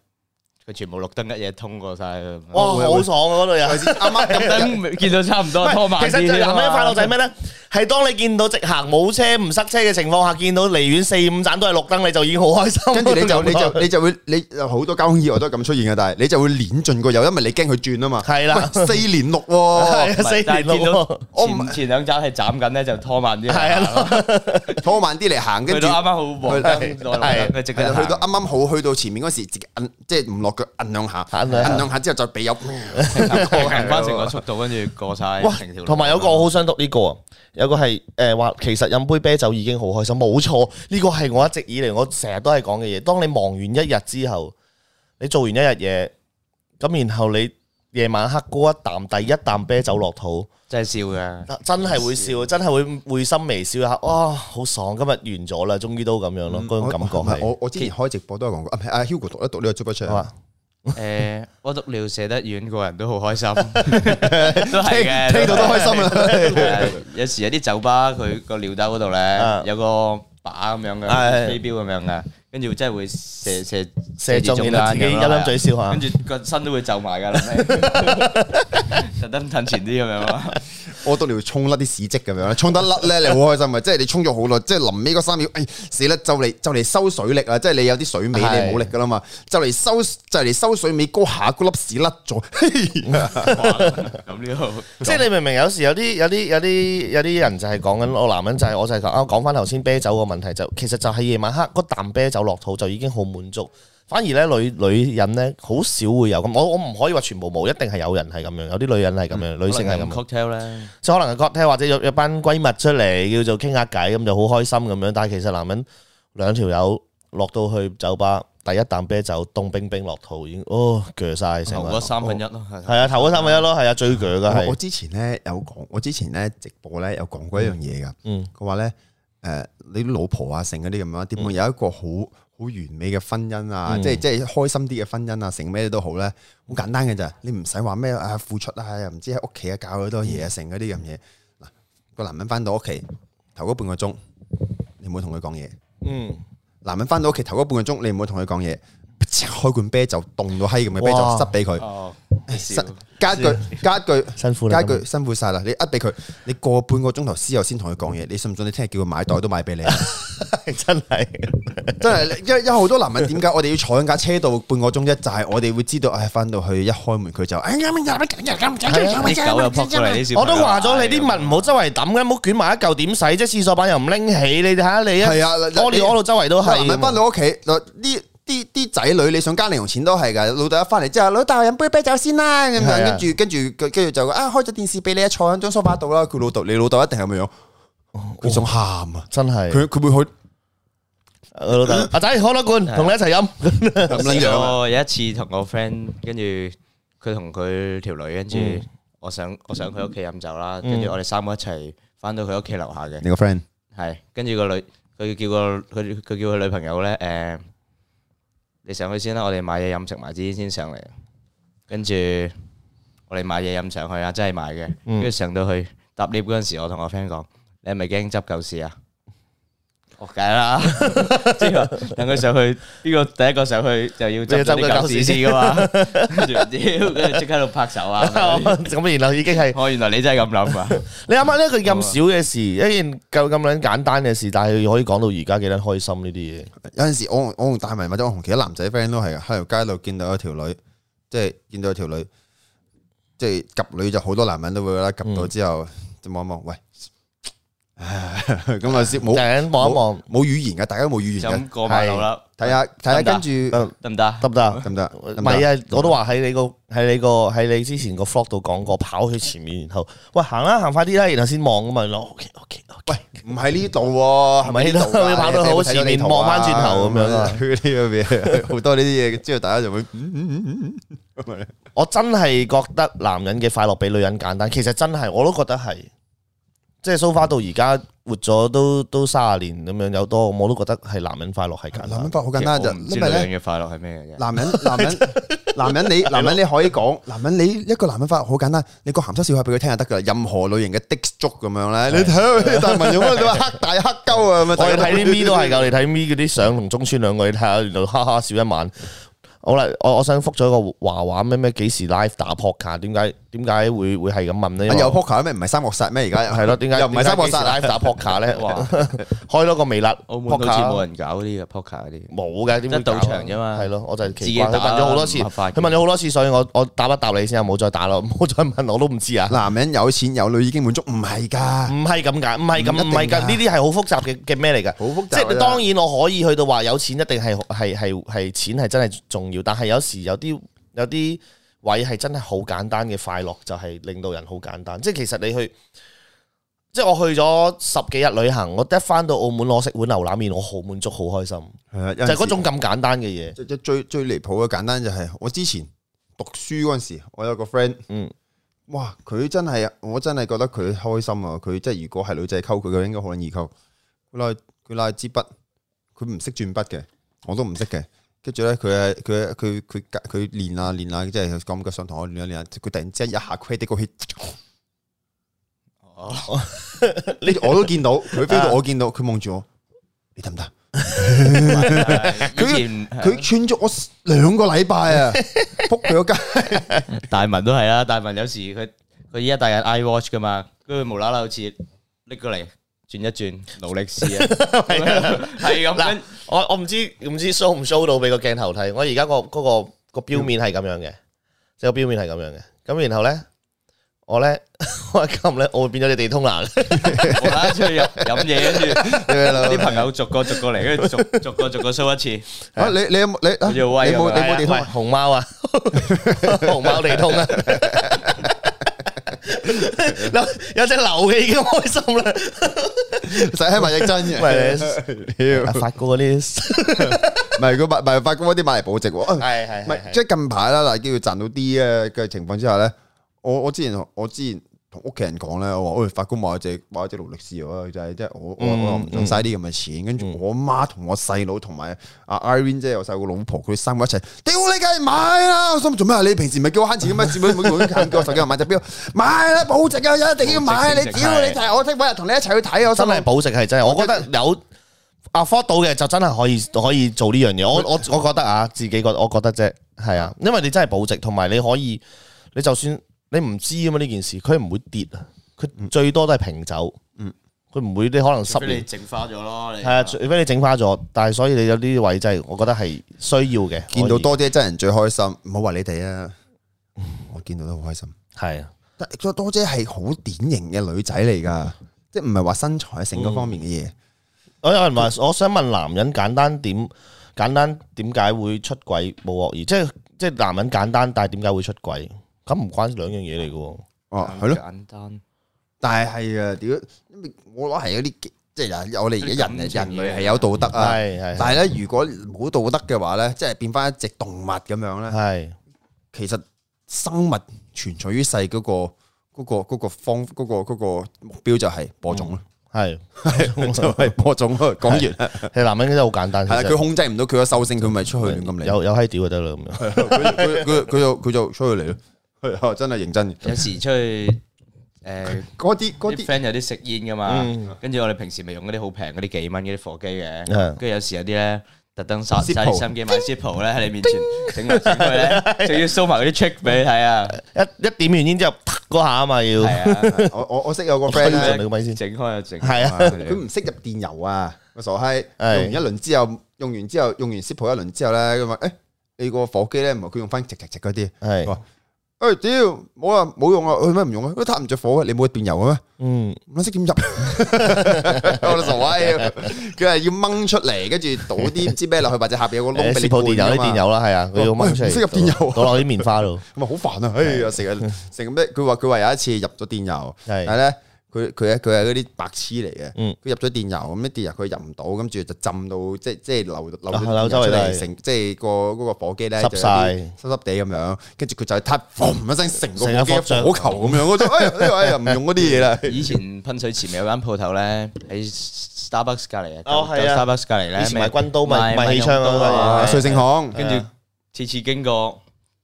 Speaker 2: 全部綠燈一嘢通過晒，哇！好爽
Speaker 1: 啊！嗰度又啱啱撳燈，
Speaker 2: 見到差唔多拖慢啲啦。其實最快樂就係咩咧？
Speaker 1: 係當你見到直行冇車唔塞車嘅情況下，見到離遠四五盞都係綠燈，你就已經好開心。跟住你
Speaker 3: 就你就你就會你好多交通意外都係咁出現嘅，但係你就會連進過又，因為你驚佢轉啊嘛。係
Speaker 2: 啦，四連
Speaker 3: 綠喎，四連綠喎。
Speaker 2: 前前兩盞係斬緊咧，就拖慢啲。係啊，拖慢啲嚟行。跟住啱啱好，去到啱
Speaker 3: 啱好，去到前面嗰時，即係唔落。醞釀下，醞釀下
Speaker 2: 之後再畀入，翻成個速度，跟住過晒。哇！同埋
Speaker 1: 有個我好想讀呢個啊，有個係誒話，其實飲杯啤酒已經好開心，冇錯，呢個係我一直以嚟，我成日都係講嘅嘢。當你忙完一日之後，你做完一日嘢，咁然後你夜晚黑嗰一啖第一啖啤酒落肚，真係笑嘅，真係會笑，真係會會心微笑一下，哇，好爽！今日完咗啦，終於都咁樣咯，嗰種感覺係。我我之前開直
Speaker 3: 播都係講過，唔係阿 Hugo 讀一讀呢個最不長。
Speaker 2: 誒，屙篤尿射得遠，個人都好開心， 都係嘅的，聽到都開心啊！ 有時有啲酒吧，佢個尿兜嗰度咧，有個靶咁樣嘅飛鏢咁樣嘅，跟住真係會射射射，射中，自己一粒嘴笑，下，跟住個身都會皺埋噶，
Speaker 3: 特
Speaker 2: 登褪前啲咁樣啊！
Speaker 3: 屙到你，要沖甩啲屎迹咁樣，沖得甩咧，你好開心啊！ 即係你沖咗好耐，即係臨尾嗰三秒，哎，屎甩就嚟就嚟收水力啦！即係你有啲水尾，你冇力
Speaker 1: 噶啦嘛，就嚟收就嚟收水尾，嗰下嗰粒屎甩咗。咁即係你明明有時有啲有啲有啲有啲人就係講緊我男人、就是，就係我就係講啊，講翻頭先啤酒個問題，就其實就喺夜晚黑個啖啤酒落肚就已經好滿足。反而咧，女女人咧，好少會有咁。我我唔可以話全部冇，一定係有人係咁樣，有啲女人係咁樣，女性係咁。可能 cocktail 咧，即可能係 cocktail，或者有班閨蜜出嚟，叫做傾下偈，咁就好開心咁樣。但係其實男人兩條友落到去酒吧，第一啖啤酒凍冰冰落肚，已經哦鋸曬，頭嗰三分一咯。係啊，頭嗰三分一咯，係啊，最鋸㗎。我之前咧有講，我之前咧直播咧有講過一樣嘢㗎。嗯，
Speaker 3: 佢話咧誒，你老婆啊，剩嗰啲咁樣，點會有一個好好完美嘅婚姻啊，嗯、即係即係開心啲嘅婚姻啊，成咩都好咧，好簡單嘅咋，你唔使話咩啊付出啊，又唔知喺屋企啊搞好多嘢，成嗰啲咁嘢。嗱，個男人翻到屋企頭嗰半個鐘，你唔好同佢講嘢。嗯，男人翻到屋企頭嗰半個鐘，你唔好同佢講嘢。開罐啤酒凍到閪咁嘅啤酒塞俾佢，
Speaker 4: 塞加一句
Speaker 3: 加一句辛苦啦，加一句辛苦晒啦。你呃俾佢，你過半個鐘頭之後先同佢講嘢。你信唔信？你聽日叫佢買袋都買俾你，真係真係。因為好多男人，點解我哋要坐喺架車度半個鐘啫？就係我哋會知道，唉，翻到去一開門佢就哎
Speaker 1: 呀咩咩咩，狗又撲出嚟。我都話咗你啲物唔好周圍抌嘅，唔好捲埋一嚿點洗，即係廁所板又唔拎起，你睇下你啊。係啊，屙尿屙到周圍都係。翻到屋企呢？
Speaker 3: 啲啲仔女你想加零用錢都係噶，老豆一翻嚟之後，老豆飲杯啤酒先啦，咁樣跟住跟住跟住就話啊，開咗電視俾你坐喺張梳化度啦，佢老豆你老豆一定係咁樣，佢想喊啊，真係佢佢會去老豆阿仔開多罐同你一齊飲。我有
Speaker 2: 一次同我個 friend 跟住佢同佢條女跟住，我想我想去佢屋企飲酒啦，跟住我哋三個一齊翻到佢屋企樓下嘅。你個 friend 係跟住個女，佢叫個佢佢叫佢女朋友咧誒。你上去先啦，我哋買嘢飲食埋支煙先上嚟。跟住我哋買嘢飲上去啊，真係買嘅，跟住、嗯、上到去搭 lift 嗰陣時，我同我 friend 講，你係咪驚執舊事啊？哦，梗啦，之後等佢上去，呢個第一個上去就要爭啲舊史詩㗎嘛，跟住跟住即刻喺度拍手啊！咁然後已經係，我原來你真係咁諗啊！
Speaker 1: 你諗下呢個咁少嘅事，一件夠咁樣簡單嘅事，但係可以講到而家幾多開心呢啲嘢。有陣時我我同大民或者
Speaker 3: 我同其他男仔 friend 都係喺條街度見到一條女，即係見到有條女，即係夾女就好多男人都會啦，夾到之後就望一望，喂。
Speaker 1: 咁啊，先望一望，冇語言噶，大家都冇語言噶，係睇下睇下，跟住得唔得？得唔得？得唔得？唔係啊，我都話喺你個喺你個喺你之前個 vlog 度講過，跑去前面，然後喂行啦，行快啲啦，然後先望噶嘛 ok ok ok。喂，唔係呢度，係咪呢度？跑到好前面望翻轉頭咁樣，好多呢啲嘢，之後大家就會。我真係覺得男人嘅快樂比女人簡單，其實真係我都覺得係。即係 so far 到而家活咗都都卅年咁樣有多，我都覺得係男人快樂係簡單。男人快樂好簡單就，唔知咧，女人嘅快樂係咩嘅？男人男人男人你 男人你可以講， 男人，你一，男人你一個男
Speaker 3: 人快樂好簡單，你個鹹濕笑話俾佢聽就得噶啦。任何類型嘅 sex joke 咁樣咧，你睇佢大文小武，
Speaker 1: 佢話黑大黑鳩啊。 我哋睇啲咪都係噶，你睇咪嗰啲相同中村兩個，你睇下，然後哈哈笑一晚。好啦，我我想復咗個話話咩咩幾時 live 打 poker？點解點解會會係咁問呢？有 poker 咩？唔係三國殺咩？而家係咯，點解又唔係三國殺 live 打 poker 咧？開咗個微辣 poker，澳門好似冇人
Speaker 2: 搞啲嘅 poker 啲。冇嘅，一賭場啫嘛。係咯，我就自己打問咗好多次，佢
Speaker 1: 問咗好多次，所以我我答一答你先，冇再打咯，冇再問我都唔知啊。男人有錢有女已經滿足，唔係噶，唔係咁解，唔係咁，唔係噶，呢啲係好複雜嘅嘅咩嚟噶？好複雜。即係當然我可以去到話有錢一定係係係係錢係真係仲。但係有時有啲有啲位係真係好簡單嘅快樂，就係、是、令到人好簡單。即係其實你去，即係我去咗十幾日旅行，我得翻到澳門攞食碗牛腩麵，我好滿足，好開心。係啊，就係嗰種咁簡單嘅嘢。最最最離譜嘅簡單就係、是、我之前讀書嗰陣時，我有個 friend，、
Speaker 3: 嗯、哇，佢真係我真係覺得佢開心啊！佢即係如果係女仔溝佢嘅，應該好容易溝。佢攞佢攞支筆，佢唔識轉筆嘅，我都唔識嘅。跟住咧，佢啊，佢佢佢佢練啊練啊，即係感覺上堂啊練啊練啊，佢、啊啊、突然之間一下 credit 過去，哦，
Speaker 4: 你
Speaker 3: 我都見到，佢飛到我見到，佢望住我，你得唔
Speaker 2: 得？佢
Speaker 3: 佢串咗我兩個禮拜啊，扑佢個街。
Speaker 2: 大文都係啦、啊，大文有時佢佢依家大日 I watch 噶嘛，跟住無啦啦好似拎過嚟。轉一轉，勞力士啊！係咁嗱，我我唔知唔知 show 唔 show 到俾
Speaker 1: 個鏡頭睇。我而家個嗰個個表面係咁樣嘅，即係表面係咁樣嘅。咁然後咧，我咧我咁咧，我會變咗隻地通拿，我拉
Speaker 2: 出去飲嘢，跟住啲朋友逐個逐個嚟，跟住逐逐個逐個 show 一次。啊，你你有冇你你冇你冇啲
Speaker 1: 熊貓啊？熊貓地通啊！有有隻流嘅已經開心啦，使開埋隻針嘅，發過嗰啲，唔係佢買，唔係
Speaker 3: 發過嗰啲買嚟保值喎，係係，唔係即係近排啦，嗱，叫佢要賺到啲嘅情況之下咧，我我之前我之前。同屋企人講咧，我話：，我法官買隻買隻勞力士，我就係即係我我我唔使啲咁嘅錢。嗯、媽，跟住我媽同我細佬同埋阿 Irene 即係我細個老婆，佢三個一齊。屌、嗯、你，梗係買啦！我心做咩啊？你平時唔係叫我慳錢嘅咩？點解唔唔肯叫十幾萬買隻表？買啦，保值啊！一定要買。你屌！你
Speaker 1: 就係我聽日同你一齊去睇，我真係保值係真係。我覺得有阿 Ford 到嘅就真係可以可以做呢樣嘢。我我我覺得啊，自己覺得我覺得啫，係啊，因為你真係保值，同埋你可以，你就算。你唔知啊嘛？呢件事佢唔會跌啊，佢最多都係平走。嗯，佢唔會你可能濕你
Speaker 2: 整花咗咯，係啊，
Speaker 1: 除非你整花咗。但係所以你有呢啲位，真係我覺得係需要嘅。見到多姐真人最開心，唔好話你哋啊。嗯、我見到都好開心，
Speaker 3: 係啊。多姐係好典型嘅女仔嚟噶，即係唔係話身材性嗰
Speaker 1: 方面嘅嘢，嗯。我有人話，嗯、我想問男人簡單點？簡單點解會出軌冇惡意？就是，即係即係男人簡單，但係點解會出軌？咁唔關兩樣嘢嚟㗎，哦，係咯，簡單，但係，係啊，屌，我攞係嗰啲，
Speaker 3: 即係有我哋而家人啊，人類係有道德啊，係係，但係咧如果冇道德嘅話咧，即係變翻一隻動物咁樣咧，係，其實生物存在於世嗰個嗰個嗰個方嗰個嗰個目標就係播種咯，係，
Speaker 1: 係，我就係播種咯，講完。係男人都好簡單，係佢
Speaker 3: 控制唔到佢嘅獸性，佢咪出去咁嚟，有有閪屌就得啦，咁樣，佢佢佢就佢就出去嚟咯。佢真係認真，
Speaker 2: 有時出去誒，嗰啲嗰啲 friend 有啲食煙噶嘛，跟住我哋平時咪用嗰啲好平嗰啲幾蚊嗰啲火機嘅，跟住有時有啲咧特登殺晒啲心機買 Zippo 咧喺你面前整嚟整去咧，仲要 show 埋嗰啲 trick 俾你睇啊！一一點完煙之後嗰下啊嘛要，我我我識有個 friend 咧整開就整，係啊，
Speaker 1: 佢
Speaker 3: 唔識入電油啊，傻閪用完一輪之後，用完之後用完 Zippo 一輪之後咧，佢話誒，你個火機咧唔係佢用翻直直直嗰啲係。誒，屌 Hey，冇啊，冇、欸、用啊，去咩唔用啊？佢撻唔着火嘅，你冇入電油嘅咩？嗯，唔識點入， 傻閪，佢、哎、係要掹出嚟，跟住倒啲唔知咩落去，或者下邊有個窿俾你鋪、哎、電油啊嘛，鋪電油啦，係啊，佢要掹出嚟，唔識、欸、入電油啊， 倒落
Speaker 1: 啲棉花度，咪好煩啊！哎
Speaker 3: 呀，成日成咩？佢話佢話有一次入咗電油，係的，但係咧。佢佢咧佢係嗰啲白痴嚟嘅，佢入咗電油咁一電油佢入唔到，跟住就浸到即即流流咗出嚟，成即係
Speaker 2: 個嗰個火機咧濕曬
Speaker 3: 濕濕地咁樣，跟住佢就一突嘣一聲，成個
Speaker 2: 火機火球咁樣，我就哎呀哎呀唔用嗰啲嘢啦。以前噴水前面有間鋪頭咧，喺 Starbucks 隔離啊，Starbucks 隔離咧，以前賣軍刀賣賣氣槍啊，瑞盛行，跟住次次經過。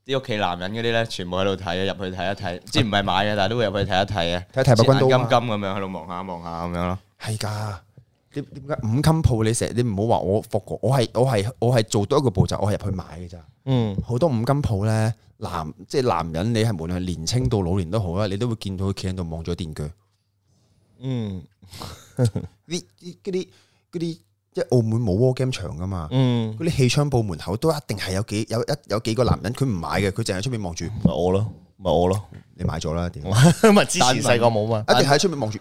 Speaker 2: 啲屋企男人嗰啲咧，全部喺度睇啊，入去睇一睇，即係唔係買嘅，但係都會入去睇一睇啊，睇睇眼金金咁樣喺度望下望下咁樣咯。係噶，
Speaker 3: 點解五金鋪你成日你唔好話我服我係我係我係做多一個步驟，我係入去買嘅咋？嗯，好多五金鋪咧，男即係、就是、男人，你係無論係年輕到老年都好啦，你都會見到佢企喺度望咗電鋸。嗯，你啲啲。即係澳門冇 war game 場噶嘛，嗰啲氣槍鋪門口都一定係有幾有一有幾個男人，佢唔買嘅，佢淨係出面望住。咪我咯，咪我咯，你買咗啦，點？
Speaker 2: 咪之前細個冇啊嘛，
Speaker 1: 一定喺
Speaker 3: 出面望住。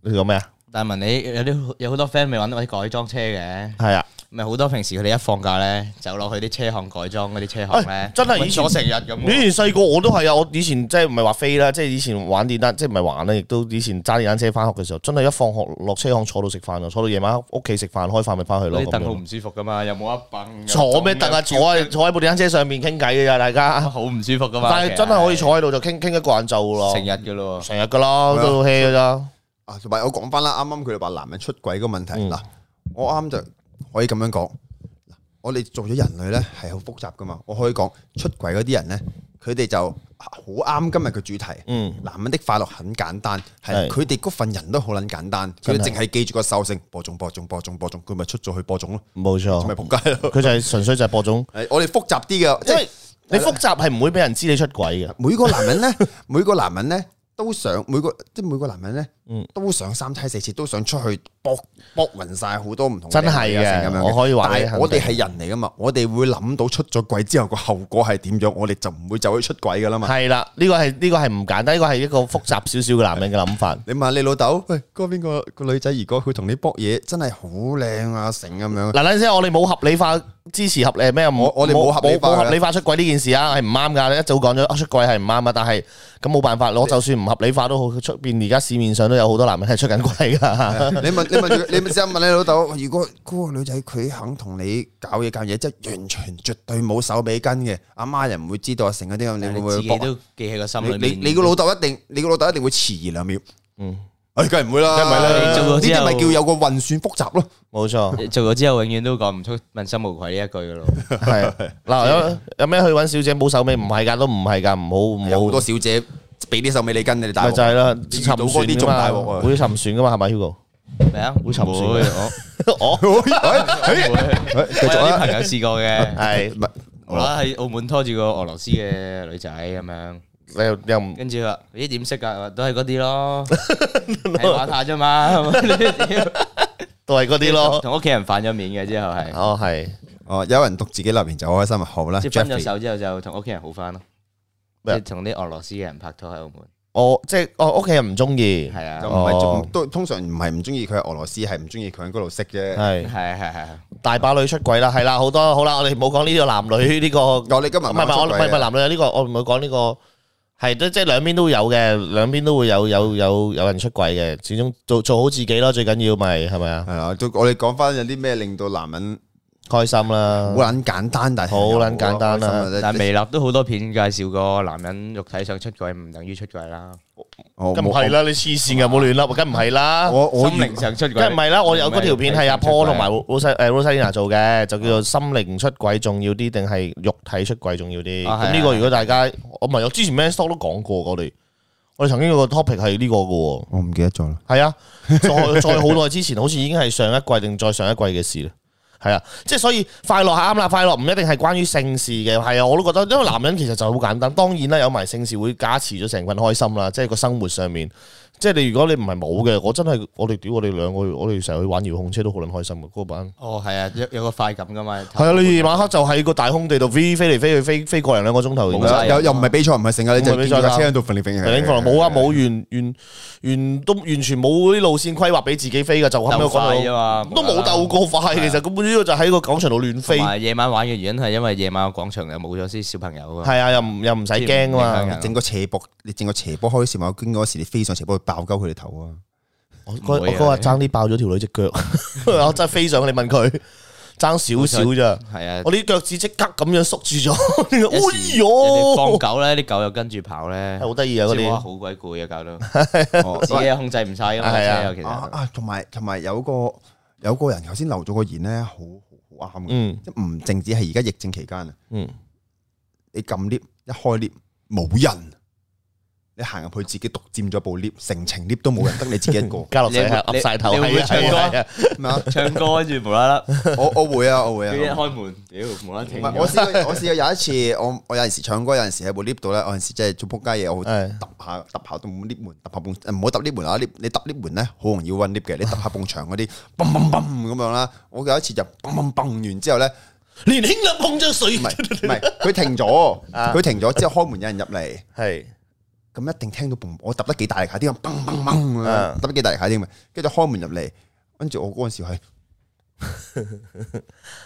Speaker 2: 你講咩啊？但文你有啲有好多 friend 未玩到啲改裝車嘅，係啊。咪好多平時佢哋一放假咧，就落去啲車行改裝嗰啲車行咧，真係坐成日咁。以前
Speaker 1: 細個我都係啊，我以前即係唔係話飛啦，即係以前玩電單，即係唔係玩啦，亦都以前揸電單車翻學嘅時候，真係一放學落車行坐到食飯咯，坐到夜晚屋企食飯開飯咪翻去咯。啲凳好唔
Speaker 2: 舒服噶嘛，有冇凹崩？坐咩凳啊？坐喺
Speaker 1: 坐喺部電單車上面傾偈嘅咋，大家好唔舒服噶嘛。但係真係可以坐喺度就傾傾一個人做咯，成日
Speaker 2: 嘅咯，成日
Speaker 1: 嘅咯，都做 hea 嘅咋。啊，唔係我講翻啦，啱
Speaker 3: 啱佢哋話男人出軌嘅問題嗱，我啱就。可以咁樣講，嗱，我哋做咗人類咧係好複雜噶嘛。我可以講出軌嗰啲人咧，佢哋就好啱今日嘅主題。嗯，男人的快樂很簡單，係佢哋嗰份人都好捻簡單，佢哋淨係
Speaker 1: 記住個收聲，播種播種播種播種，佢咪出咗去播種咯。冇錯錯，同埋仆街咯，佢就係純粹就係播種。我哋複雜啲嘅，即係你、就是、你複雜係唔會俾人知你出軌嘅。 每個男
Speaker 3: 人咧，每個男人咧都想每個即係每個男人咧。嗯，都想三妻四妾，都想出去搏搏勻晒好多唔同，真係嘅，我可以話。但係我哋係人嚟噶嘛，我哋會諗到出咗軌之後個後果係點樣，我哋就唔會走去出軌噶啦嘛。係啦，呢個
Speaker 1: 係呢個係唔簡單，呢個係一個複雜少少嘅
Speaker 3: 男人嘅諗法。你問下你老豆，喂，嗰邊個個女
Speaker 1: 仔，如果佢同你搏嘢，真係好靚啊，成咁樣。嗱，等陣先，我哋冇合理化支持合理咩？我我哋冇合理化，冇合理化出軌呢件事啊，係唔啱噶。一早講咗，出軌係唔啱啊，但係咁冇辦法，我就算唔合理化都好，出邊而家市面上。都有好多男人係出緊軌噶
Speaker 3: 你問你問你咪試下問你老豆，如果嗰個女仔佢肯同你搞嘢、搞嘢，即係完全絕對冇手尾跟嘅，阿媽又唔會知道啊，成嗰啲咁，你會唔會都記喺個心裏邊？你你個老豆一定，你個老豆一定會遲疑兩秒。嗯，哎，梗係唔會啦，呢
Speaker 2: 啲咪叫
Speaker 1: 有個運算複雜咯，
Speaker 2: 冇錯。做咗之後永遠都講唔出問心無愧呢一句噶咯。係嗱，有咩去搵小姐冇手尾？唔係噶，
Speaker 1: 都唔係噶唔好，好多小姐。
Speaker 3: 俾啲手尾你跟，你哋大劑就係啦，做嗰啲重大鑊啊，會
Speaker 1: 沉船噶嘛係咪？Hugo，
Speaker 2: 係呀？會沉船嘅我我我，我啲朋友試過嘅，係我喺澳門拖住個俄羅斯嘅女仔咁樣，你又跟住啦？你點識噶？都係嗰啲咯，睇下咋嘛，都係嗰啲咯。同屋企人反咗面嘅之後係，哦係，哦有人讀自己留言就開心啊，好啦，分咗手之後就同屋企人好翻咯。即同啲俄羅斯人拍拖喺澳門，
Speaker 1: 我、哦、即係我屋企人唔中意，係、
Speaker 3: 哦、啊，唔係都通常唔係唔中
Speaker 1: 意佢俄羅斯，係唔中意佢喺嗰度識啫。係係係係，的大把女出軌啦，係啦，好多好啦，我哋冇講呢個男女呢、這個這個。我哋今日唔係我唔係男女呢個，我唔會講呢個，係即係即係兩邊都有嘅，兩邊都會有有有有，有人出軌嘅，始終做做好自己咯，最緊要咪係咪啊？係啊，我哋講翻有啲咩令到男人。的開心啦，好
Speaker 3: 捻簡單，但係好捻簡單啦。但係微立
Speaker 2: 都好多片介紹過，男人肉體上出軌唔等於出軌啦。咁唔係啦，你黐線噶，冇亂立，梗唔係啦。我我心靈
Speaker 1: 上出軌，梗唔係啦。我有嗰條片係阿 Paul 同埋 Rose 誒，Roseanna 做嘅，就叫做心靈出軌重要啲，定係肉體出軌重要啲？咁呢個如果大家，我唔係，我之前咩 show 都講過，我哋我哋曾經有個 topic 係呢個噶。我唔記得咗啦。係啊，再再好耐之前，好似已經係上一季定再上一季嘅事啦。係啊，即係所以快樂係啱啦，快樂唔一定係關於性事嘅，係啊，我都覺得，因為男人其實就好簡單，當然啦，有埋性事會加持咗成份開心啦，即係個生活上面。即係你如果你唔係冇嘅，我真係我哋屌我哋兩個，我哋成日去玩遙控車都好撚開心嘅嗰個版。
Speaker 2: 哦，係啊，有有個快感㗎嘛。係啊，你夜
Speaker 1: 晚黑就喺個大空地度飛飛嚟飛去，飛飛個零兩個鐘頭又唔係比賽，唔係成日。你就一架車喺度訓練飛係。冇啊，冇完完完都完全冇啲路線規劃俾自己飛㗎，就咁樣飛啫嘛。都冇鬥過快，其實根本主要就喺個廣場度亂飛。
Speaker 2: 夜晚玩嘅原因係因為夜晚個廣場又冇咗啲小朋友啊。係啊，又唔又唔使驚㗎嘛。整
Speaker 1: 個斜
Speaker 3: 坡，你整個斜坡開時，冇經嗰時你飛上斜坡咬夠佢哋頭啊！我哥我哥話爭啲
Speaker 1: 爆咗條女隻腳，我真係飛上去。你問佢爭少少啫，係啊！我啲腳趾即刻咁樣縮住咗。哎呀！放
Speaker 2: 狗咧，啲狗又跟住跑咧，好得意啊！嗰啲好鬼攰啊，搞到自己控制唔晒啊！啊
Speaker 3: 同埋同埋有個有個人頭先留咗個言咧，好好啱嘅，即係唔淨止係而家疫症期間啊，嗯，你撳 lift 一開 lift 冇人。你行入去自己獨佔咗部 lift，成程 lift 都冇人，得你自己一個。加落水，岌晒頭，係啊，係啊，唔係啊，唱歌跟住無
Speaker 2: 啦啦。我我會啊，我會啊。叫人開門，屌無啦啦停唔係。我試我試
Speaker 3: 過有一次，我我有陣時唱歌，有陣時喺部 lift 度咧，有陣時即係做仆街嘢，我好揼下揼下，揼 lift 門，揼下泵，唔好揼 lift 門啊！lift 你揼 lift 門咧，好容易溫 lift 嘅。你揼下埲牆嗰啲，嘣嘣嘣咁樣啦。我有一次就嘣嘣嘣完之後咧，年輕
Speaker 4: 啊碰咗水，唔
Speaker 3: 係佢停咗，佢停咗之後開門有人入嚟，係。咁一定聽到噃，我揼得幾大力下啲咁，嘣嘣嘣啦，揼得幾大力下啲咁啊，跟住就開門入
Speaker 1: 嚟，跟住我嗰陣時係，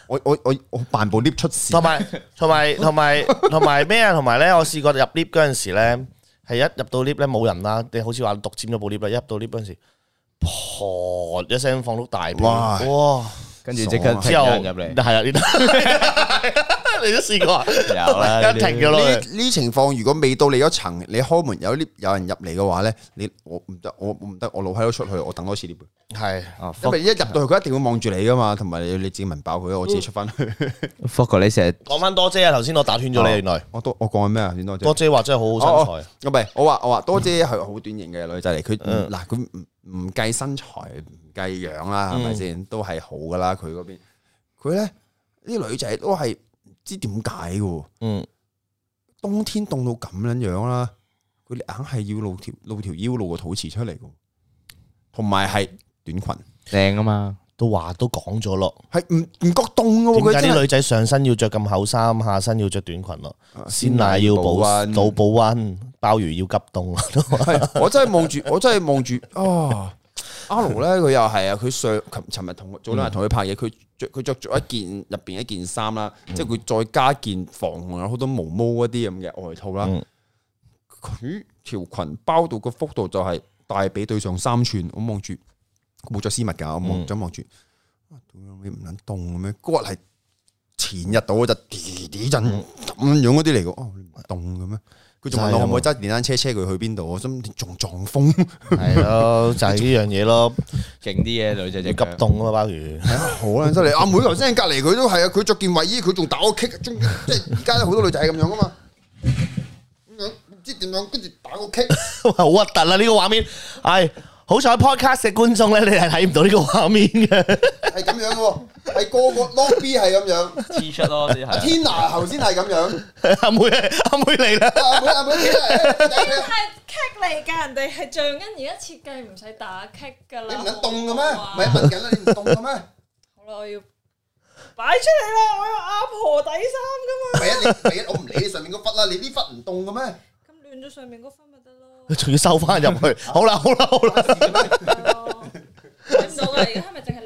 Speaker 1: 我
Speaker 3: 我我我扮部
Speaker 1: lift 出事，同埋同埋同埋同埋咩啊？同埋咧，我試過入 lift 嗰陣時咧，係一入到 lift 咧冇人啦，你好似話獨佔咗部 lift 啦，一入到 lift 嗰陣時，砰一聲放碌大炮，哇，跟住即刻之後入嚟，係啊，呢度。 你都試過， 啦 停嘅咯。
Speaker 3: 呢情況，如果未到你嗰層，你開門有啲有人入嚟嘅話咧，你我唔得，我唔得，我老喺度出去，我等多次啲。係，
Speaker 1: 咁、啊、一入到去，佢
Speaker 3: 一定會望住你噶嘛，同埋你，你自己聞爆佢，我自己出翻去。嗯、 你成，
Speaker 1: 日講翻多姐啊，頭先我打斷咗你，原
Speaker 3: 來我都我講緊咩啊？多姐話真係好好身材，唔係、哦哦、我話我話多姐係好典型嘅女仔嚟，佢嗱佢唔唔計身材，唔計樣啦，係咪先都係好噶啦？佢嗰邊，佢咧啲女仔都係。知點解嘅？嗯，冬天凍到咁樣樣啦，佢哋硬係要露條露條腰露個肚臍出嚟嘅，同埋係短
Speaker 1: 裙正啊嘛，都話都講咗咯，係
Speaker 3: 唔唔覺凍嘅，點解啲女仔
Speaker 1: 上身要着咁厚衫，下身要着短裙咯？鮮奶鮮奶要保温，腦保温溫，鮑魚要急凍。
Speaker 3: 我真係望住，我真係
Speaker 1: 望住啊！
Speaker 3: 阿盧咧佢又係啊，佢上琴尋日同早兩日同佢拍嘢，佢着佢著咗一件入邊一件衫啦，即係佢再加件防寒好多毛毛嗰啲咁嘅外套啦。
Speaker 4: 佢
Speaker 3: 條裙包到個幅度就係大髀對上三寸，我望住冇著絲襪㗎，我望咗望住你唔撚凍咁樣？日係前日到我就地地震咁樣嗰啲嚟㗎，哦，你唔凍咁咩？仲 問我會唔會揸電單車車佢去邊度？我心仲撞風，係 咯，就係呢樣嘢咯。勁啲嘢女仔就急凍啊嘛，鮑魚好犀利。阿妹頭先隔籬佢都係啊，佢着、啊、件衛衣，佢仲
Speaker 1: 打我激，即係而家都好多女仔咁樣啊嘛。
Speaker 3: 咁樣唔知點樣，跟住打我
Speaker 1: 棘。 好核突啦！呢、這個畫面係。哎好彩 podcast 嘅觀眾咧，你係睇唔到呢個畫面嘅，
Speaker 3: 係咁樣嘅，係個個 lobby 係咁樣，
Speaker 1: 黐出咯啲係。阿天娜頭先係咁樣，阿妹阿妹嚟啦，阿妹
Speaker 5: 阿妹嚟。係 kick 嚟噶，人哋係象恩而家設計唔使打 kick 噶啦。你唔肯動噶咩？咪問緊啦，你唔動噶咩？好啦，我要擺出嚟啦，我有阿婆
Speaker 3: 底衫噶嘛。第一，第一，我唔理你上面嗰忽啦，你啲忽唔動噶咩？咁亂咗上面嗰忽咪？
Speaker 1: 佢仲要收翻入去，好啦好啦好啦，睇唔到啦，而家係咪淨係？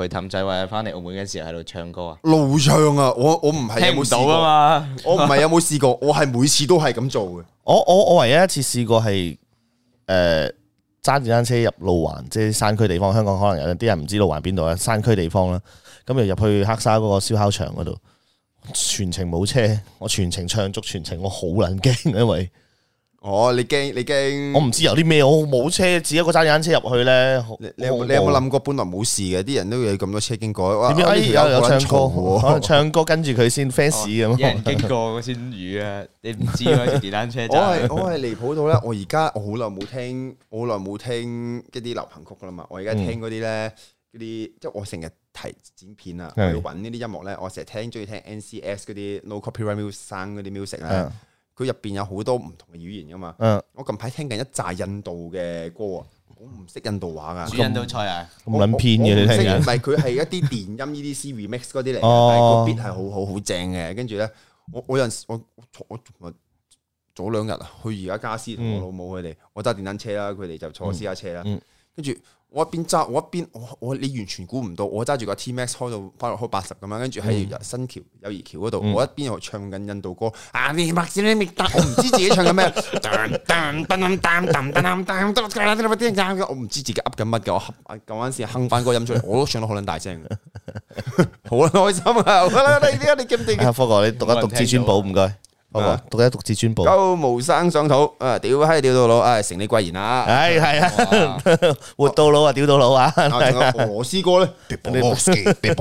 Speaker 2: 佢氹仔或者翻嚟澳門嘅時候喺度唱歌啊？
Speaker 1: 路唱啊！我我唔係有冇到啊嘛！
Speaker 2: 我唔係有冇
Speaker 1: 試過？我係每次都係咁做嘅。我我我唯一一次試過係誒揸住單車入路環，即係山區地方。香港可能有啲人唔知路環邊度啊，山區地方啦。咁又入去黑沙嗰個燒烤場嗰度，全程冇車，我全程唱足，全程我好撚驚，因為。哦，
Speaker 3: 你驚你驚？我唔知有啲咩，
Speaker 1: 我冇車，自己一個揸電單車入去咧。你有你有冇諗
Speaker 3: 過，本來冇事嘅，啲人都有咁多車經過。有有唱歌，唱
Speaker 1: 歌跟住佢先 fans 咁。一人經過先雨啊！你唔知啊，電單車。我係我係離譜
Speaker 3: 到咧，我而家我好耐冇聽，好耐冇聽一啲流行曲噶啦嘛。我而家聽嗰啲咧，嗰啲即係我成日睇剪片啊，要搵呢啲音樂咧。我成日聽，中意聽 N C S 嗰啲 No Copyright Music，生啲 music 啊。佢入邊有好多唔同嘅語言噶嘛，啊、我近排聽緊一扎印度嘅歌啊，我唔識印度話噶，煮印度菜啊，
Speaker 1: 咁撚偏嘅你聽啊，唔係
Speaker 3: 佢係一啲電音呢啲 c remix 嗰啲嚟嘅。哦、但係個 beat 係好好好正嘅，跟住咧，我我有陣時我我坐我早兩日去而家家私同我老母佢哋，嗯、我揸電單車啦，佢哋就坐私家車啦。嗯嗯。跟住我一邊揸，我一邊我我你完全估唔到，我揸住個 T Max 開到開落開八十咁樣，跟住喺新橋友誼橋嗰度，我一邊又唱緊印度歌，嗯、我唔知自己唱緊咩， 我唔知自己噏緊乜嘅，我咁嗰陣時哼返個音出嚟，我都唱得好撚大聲嘅，好 開心啊！你
Speaker 2: 點啊？你鑒、
Speaker 1: 哎、科哥你讀一讀至尊寶唔該。好啊，讀家讀自尊寶。
Speaker 3: 高毛生上土，誒、啊，屌閪，屌到老，誒、啊，成你貴言啊，係係 啊，活到老啊，屌到老啊。俄羅斯哥咧，
Speaker 2: 佢哋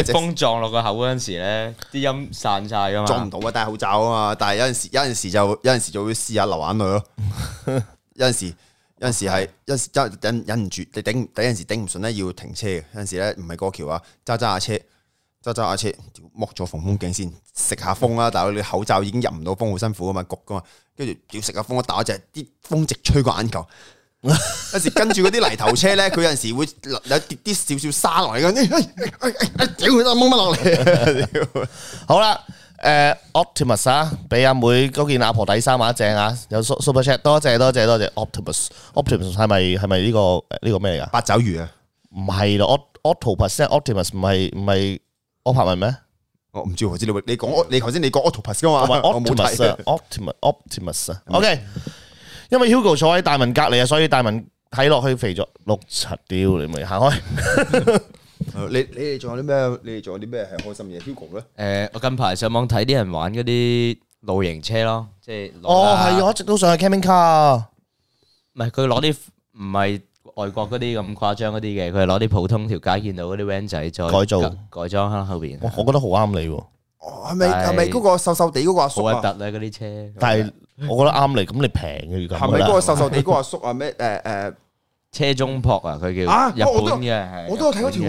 Speaker 2: 一風撞落個口嗰陣時咧，啲音散晒噶嘛，撞唔到啊，戴口罩啊嘛。
Speaker 3: 但係有陣時，有陣時就，有陣時就會試下流眼淚咯。有陣時，有陣時係，有陣有陣忍忍唔住，你頂，有陣時頂唔順咧，要停車。有陣時咧，唔係過橋啊，揸揸下車。揸揸下車，剝咗防風鏡先，食下風啦。但係你口罩已經入唔到風，好辛苦啊嘛，焗噶嘛。跟住要食下風，一打只，啲風直吹個眼球。有時跟住嗰啲泥頭車咧，佢 有陣時會有啲啲少少沙落嚟，誒屌佢都掹乜落嚟。哎哎哎哎、
Speaker 1: 好啦，誒，Optimus 啊，俾阿妹嗰件阿婆底衫啊，正啊，有 Super Chat，多謝多謝多謝，Optimus，Optimus 係咪係咪呢、這個呢、這個咩啊？八爪魚啊？唔係咯，Opt，Optimus 唔係唔係。Auto 我拍文咩？我唔知，我知你你講我你頭先你講 Optimus 嘅嘛？Optimus Optimus Optimus 啊，OK。因為 Hugo 坐喺大文隔籬啊，所以大文
Speaker 2: 睇落去肥咗六七吊，你咪行開。你
Speaker 1: 你哋仲
Speaker 3: 有啲咩？你哋仲有啲咩係開心嘢？Hugo 咧？
Speaker 2: 誒，我近排上網睇啲人玩嗰啲露營車咯，
Speaker 1: 即係哦係，我一直都想去 Camping Car 啊，
Speaker 2: 唔係佢攞啲唔係。外國嗰啲咁誇張嗰啲嘅，佢係攞啲普通條街見到嗰啲 van 仔再改造改裝喺後邊。我我覺得好啱你喎，
Speaker 1: 係咪係咪嗰個瘦瘦地嗰個阿叔好核突啊！嗰啲車，
Speaker 3: 但
Speaker 2: 係我覺得啱你，咁你平嘅。係咪嗰個瘦瘦地嗰個阿
Speaker 3: 叔啊？咩？誒誒，
Speaker 2: 車中泊啊，佢叫日本嘅，我都睇過條，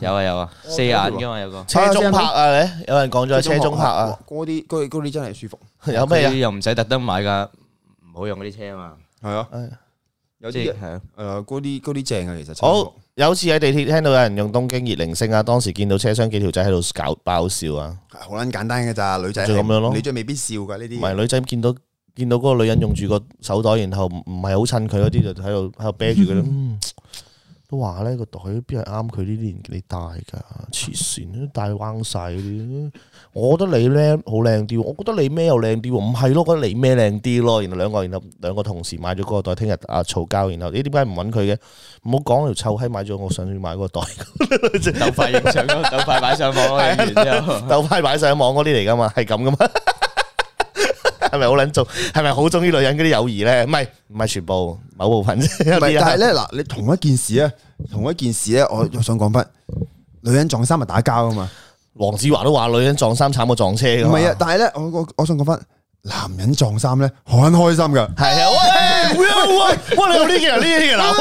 Speaker 2: 有啊有啊，四眼嘅嘛，有個車中泊啊，有人講咗車中
Speaker 3: 泊啊，嗰啲啲真係舒服，
Speaker 2: 有咩？又唔使特登買噶，唔好用嗰啲車啊嘛，係啊。有啲係啊，誒，啲啲正啊，其實好
Speaker 1: 有次喺地鐵聽到有人用東京熱鈴聲啊，當時見到車廂幾條仔喺度搞爆笑啊，
Speaker 3: 好撚簡單嘅咋，女仔就咁樣咯，你最未必笑
Speaker 1: 噶呢啲，唔係女仔見到見到嗰個女人用住個手袋，然後唔唔係好襯佢嗰啲，就喺度喺度啤住佢咯，都話呢個袋喺邊係啱佢呢啲年紀大噶，黐線都戴彎晒。我覺得你咧，好靚啲。我覺得你咩又靚啲，唔係咯，覺得你咩靚啲咯。然後兩個，然後兩個同事買咗嗰個袋，聽日啊嘈交。然後你點解唔揾佢嘅？唔好講條臭閪買咗，我想要買個袋。鬥
Speaker 2: 快影上，鬥快擺上網咯。
Speaker 1: 鬥快擺上網嗰啲嚟噶嘛？係咁噶嘛？係咪好捻做？係咪好中意女人嗰啲友誼咧？唔係唔係全部，某部分啫。但係咧嗱，
Speaker 3: 你同一件事啊，同一件事咧，我又想講翻，女人撞衫咪打交啊嘛。黃
Speaker 1: 子華都話女人撞衫慘過撞車噶，唔係啊！
Speaker 3: 但係咧，我我我想講翻，
Speaker 1: 男人撞衫咧，好開心噶，係啊。喂
Speaker 4: 喂 喂，你用呢件啊，
Speaker 1: 呢件啦，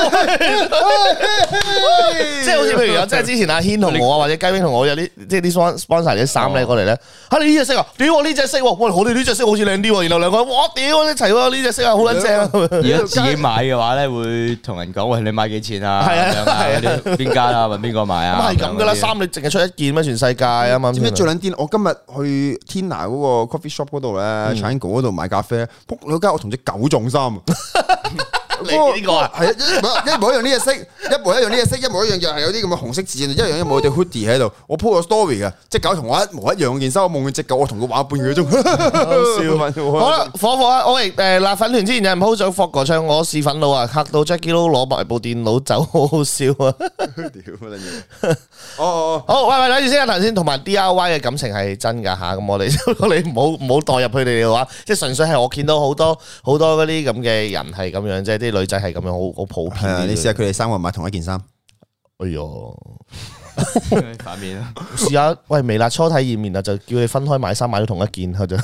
Speaker 1: 即係好似譬如啊，即係之前阿軒同我或者街邊同我有啲，即係啲 sponsor 晒啲衫咧過嚟咧，吓你呢隻色啊，屌我呢隻色，喂，我哋呢隻色好似靚啲，然後兩個，哇，屌一齊咯，呢隻色啊，好卵正。如果
Speaker 2: 自己買嘅話咧，會同人講喂，你買幾錢啊？係啊係啊，邊間啊，問邊個買啊？係咁噶啦，衫
Speaker 1: 你
Speaker 3: 淨係出一件咩？全世界啊嘛。點解、嗯、最卵癲？我今日去天拿嗰個 coffee shop 嗰度咧，Chango 嗰度買咖啡，扑你家我同隻狗撞衫。
Speaker 4: 呢個啊，
Speaker 3: 係一模一模一樣呢隻色，一模一樣呢隻色，一模一樣又係有啲咁嘅紅色字，一樣一模對 hoodie 喺度。我 po 咗 story 嘅，即係隻狗同我一模一樣件衫。我夢佢隻狗，我同佢玩半個鐘。笑問好啦，
Speaker 1: 火火啊！我誒嗱粉團之前有人 po 咗霍哥唱我是粉佬啊，嚇到 Jacky 佬攞埋部電腦走，好好笑啊！屌乜
Speaker 4: 撚
Speaker 1: 嘢！哦哦哦，好喂喂，睇住先啊！頭先同埋 DIY 嘅感情係真㗎吓，咁我哋你唔好唔好代入佢哋嘅話，即係純粹係我見到好多好多嗰啲咁嘅人係咁樣啫，啲。女仔係咁樣，好好普遍。你試下佢哋三個人買同一件衫。哎呦，
Speaker 2: 反面啊！試
Speaker 1: 下喂，微辣初體驗，然後就叫你分開買衫，買到同一件佢就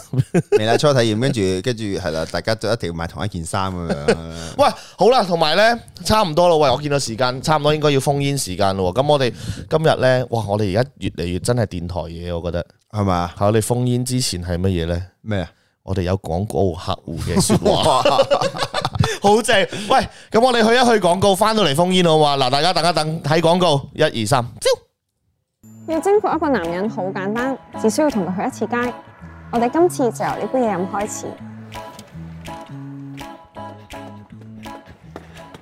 Speaker 1: 微辣初體驗，跟住跟住係啦，大家就一定要買同一件衫啊！ 喂，好啦，同埋咧，差唔多啦。喂，我見到時間差唔多，應該要封煙時間咯。咁我哋今日咧，哇，我哋而家越嚟越真係電台嘢，我覺得係咪？吧我哋封煙之前係乜嘢咧？咩啊麼？我哋有廣告客戶嘅說話。 好 正，喂，咁我哋去一去廣告，翻到嚟封煙好嘛？嗱，大家等一等，睇廣告，一二三，招。
Speaker 5: 要征服一個男人好簡單，只需要同佢去一次街。我哋今次就由呢杯嘢飲開始。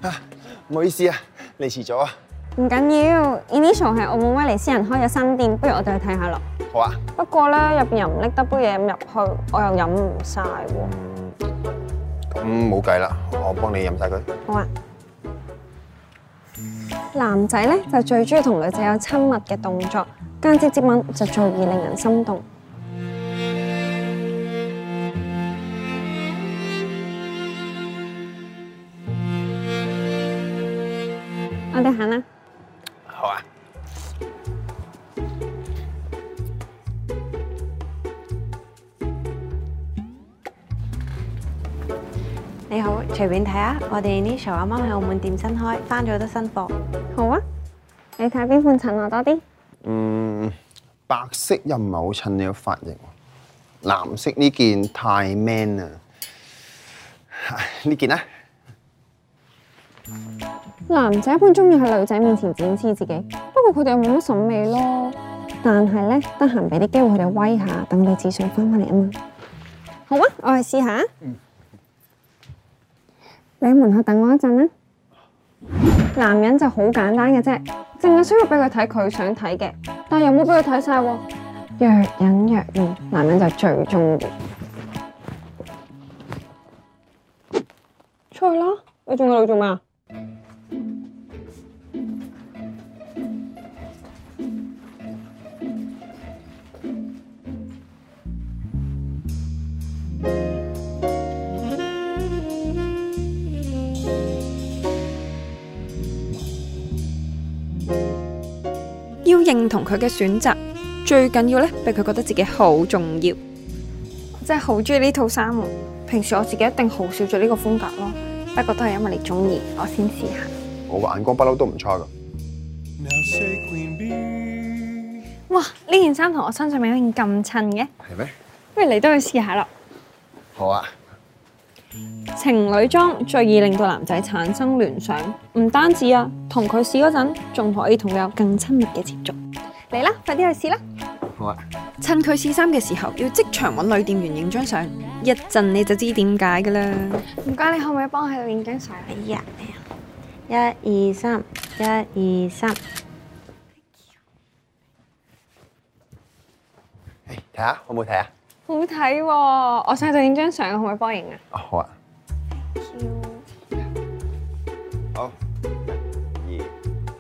Speaker 3: 啊，唔好意思啊，嚟遲咗啊。
Speaker 5: 唔緊要，Initial 係澳門威尼斯人開咗新店，不如我哋去睇下咯。好啊。不過咧，入邊又唔拎得杯嘢飲入去，我又飲唔晒喎。
Speaker 3: 咁冇計啦，我幫你飲晒佢。
Speaker 5: 好啊。男仔咧就最中意同女仔有親密嘅動作，間接接吻就最易令人心動。 我哋行啦。
Speaker 3: 好啊。
Speaker 5: 隨便睇啊！我哋呢條啱啱喺澳門店新開，翻咗好多新貨。好啊，你睇下
Speaker 3: 邊款襯我多啲？嗯，白色又唔係好襯你個髮型。藍色呢件太 man 呢件啊！呢件咧，
Speaker 5: 男仔一般中意喺女仔面前展示自己，不過佢哋又冇乜審美咯。但係咧，得閒俾啲機會佢哋威下，等佢自信翻翻嚟啊嘛。好啊，我嚟試下。嗯喺門口等我一陣啦。男人就好簡單嘅啫，淨係需要俾佢睇佢想睇嘅，但又冇俾佢睇晒。若隱若現，男人就最中意。出去啦！你仲喺度做咩啊？都認同佢嘅選擇，最緊要咧，俾佢覺得自己好重要。我真係好中意呢套衫，平時我自己一定好少着呢個風格咯。不過都係因為你中意，我先試下。
Speaker 3: 我個眼光不嬲都唔錯噶。No、
Speaker 5: 哇！呢件衫同我身上面呢件咁襯嘅，係咩嗎？不如你都去試下咯。
Speaker 3: 好啊。
Speaker 5: 情侶裝最易令到男仔產生聯想，唔單止啊，同佢試嗰陣仲可以同佢有更親密嘅接觸。嚟啦，快啲去試啦。好啊。趁佢試衫嘅時候，要即場揾女店員影張相，一陣你就知點解噶啦。唔該，你可唔可以幫我喺度影張相？哎呀，一二三，一二三。
Speaker 3: 睇下，可唔可以睇下？
Speaker 5: 好睇喎，我想喺度影張相，可唔可以幫我影啊？
Speaker 3: 好啊。好。一、二、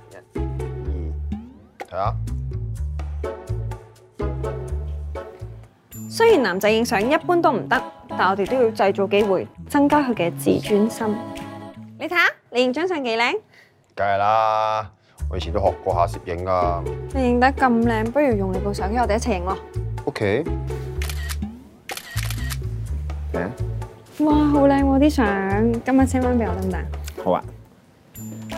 Speaker 3: 一、二，睇下。
Speaker 5: 雖然男仔影相一般都唔得，但我哋都要製造機會，增加佢嘅自尊心。你睇下，你影張相幾靚？
Speaker 3: 梗係啦，我以前都學過下攝影噶。
Speaker 5: 你影得咁靚，不如用你部相機，我哋一齊影咯。OK。哇，好靚喎！啲相，今晚請翻俾我得唔得？行行好啊。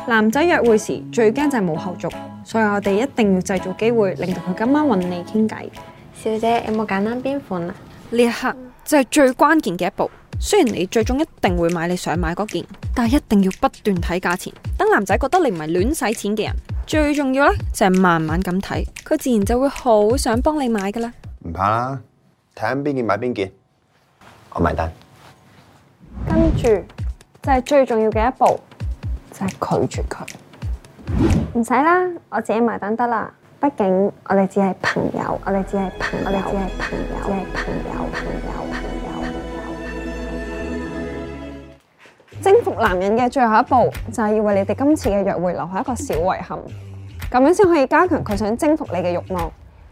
Speaker 5: 男仔約會時最驚就係冇後續，所以我哋一定要製造機會，令到佢今晚搵你傾偈。小姐有冇簡單邊款啊？呢一刻就係最關鍵嘅一步。雖然你最終一定會買你想買嗰件，但係一定要不斷睇價錢，等男仔覺得你唔係亂使錢嘅人。最重要呢就係慢慢咁睇，佢自然就會好想幫你買噶啦。唔
Speaker 3: 怕啦，睇下邊件買邊件。
Speaker 5: 埋單。跟住就係最重要嘅一步，就係拒絕佢。唔使啦，我自己埋單得啦。畢竟我哋只係朋友，我哋只係朋友，我哋只係朋友，只係朋友，朋友，朋友，朋友，朋友。征服男人嘅最後一步，就係要為你哋今次嘅約會留下一個小遺憾，咁樣先可以加強佢想征服你嘅慾望，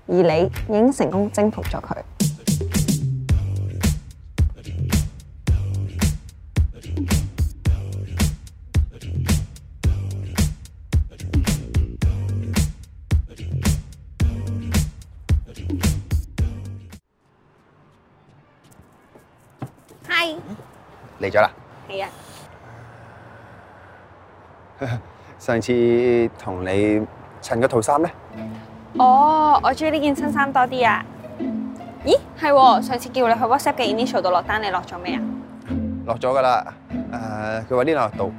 Speaker 5: 而你已經成功征服咗佢。.係啦，係啊。
Speaker 3: 上次同你襯嗰套衫
Speaker 5: 咧，哦，我中意呢件新衫多啲啊。咦，係，上次叫你去 WhatsApp 嘅 Initial 度落單，你落咗未啊？
Speaker 3: 落咗噶啦，誒，佢話呢兩日到。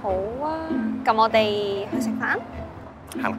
Speaker 5: 好啊，咁我哋去食飯。
Speaker 6: 行啦。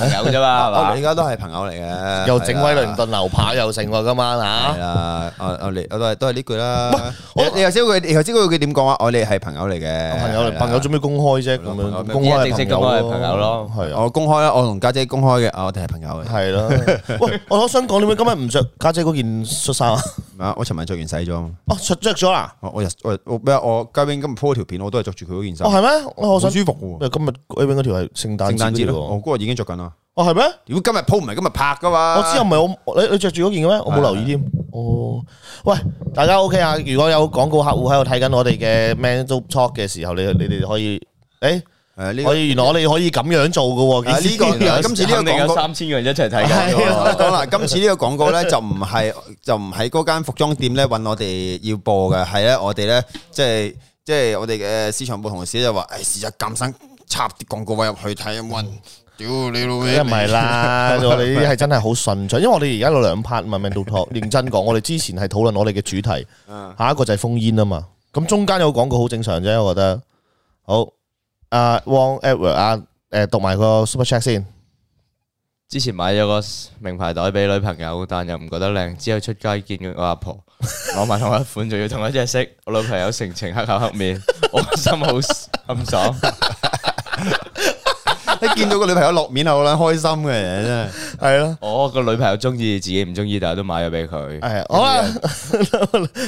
Speaker 2: 朋友啫嘛，我哋而家都係朋友嚟嘅，又整
Speaker 1: 威靈頓牛扒又成，今晚吓係啦，愛愛你，都係都係呢句啦。
Speaker 3: 我你又知佢，你又知佢佢點講話？
Speaker 1: 我哋係朋友嚟嘅，朋友朋友做咩公開啫？咁樣，公係朋友咯，係我公開啦，我同家姐公開嘅，我哋係朋友嘅，係咯。喂，我想講你點解今日唔着家
Speaker 3: 姐嗰件恤衫啊？唔係啊，我尋日着完洗咗，哦，着着咗啦。我我我咩啊？我家炳今日 po 條片，我都係着住佢嗰件衫。哦，係咩？我想舒服。因為今日家炳嗰條係聖誕節咯，我嗰日已經着緊啦。
Speaker 1: 哦嗎，係咩？如果今日鋪唔係今日拍噶嘛、啊 oh,？我知啊，唔係我你你着住嗰件嘅咩？我冇留意添。Yeah. 哦，喂，大家 O、OK、K 啊？如果有廣告客戶喺度睇緊我哋嘅 Man Talk 嘅時候，你你哋可以誒，欸啊這個、可以，原來我哋可以咁樣做噶、啊。而呢、啊這個今實次呢個廣告有
Speaker 2: 三千個人一齊睇、啊 啊。係啦，今次
Speaker 1: 呢個廣告咧就唔
Speaker 2: 係
Speaker 3: 就唔喺嗰間服裝店咧搵我哋要播嘅，係咧 我哋咧即係即係我哋嘅市場部同事就話、是，誒、就是，試下咁生插啲廣告位入去睇有冇人。唔係啦，我哋係真
Speaker 1: 係好順暢，因為我哋而家有兩 part 嘛，認真講，我哋之前係討論我哋嘅主題，下一個就係封煙啊嘛，咁中間有廣告好正常啫，我覺得好。阿王 Edward，誒，讀埋個 Super Chat 先。
Speaker 2: 之前買咗個名牌袋俾女朋友，但又唔覺得靚，之後出街見佢個阿婆，攞埋同一款，仲要同一隻色，我女朋友成成黑口黑面，我心好暗爽。你見到個女朋友落面係好捻開心嘅，真係係咯。我個女朋友中意，自己唔中意，但係都買咗俾佢。係，好
Speaker 1: 啊。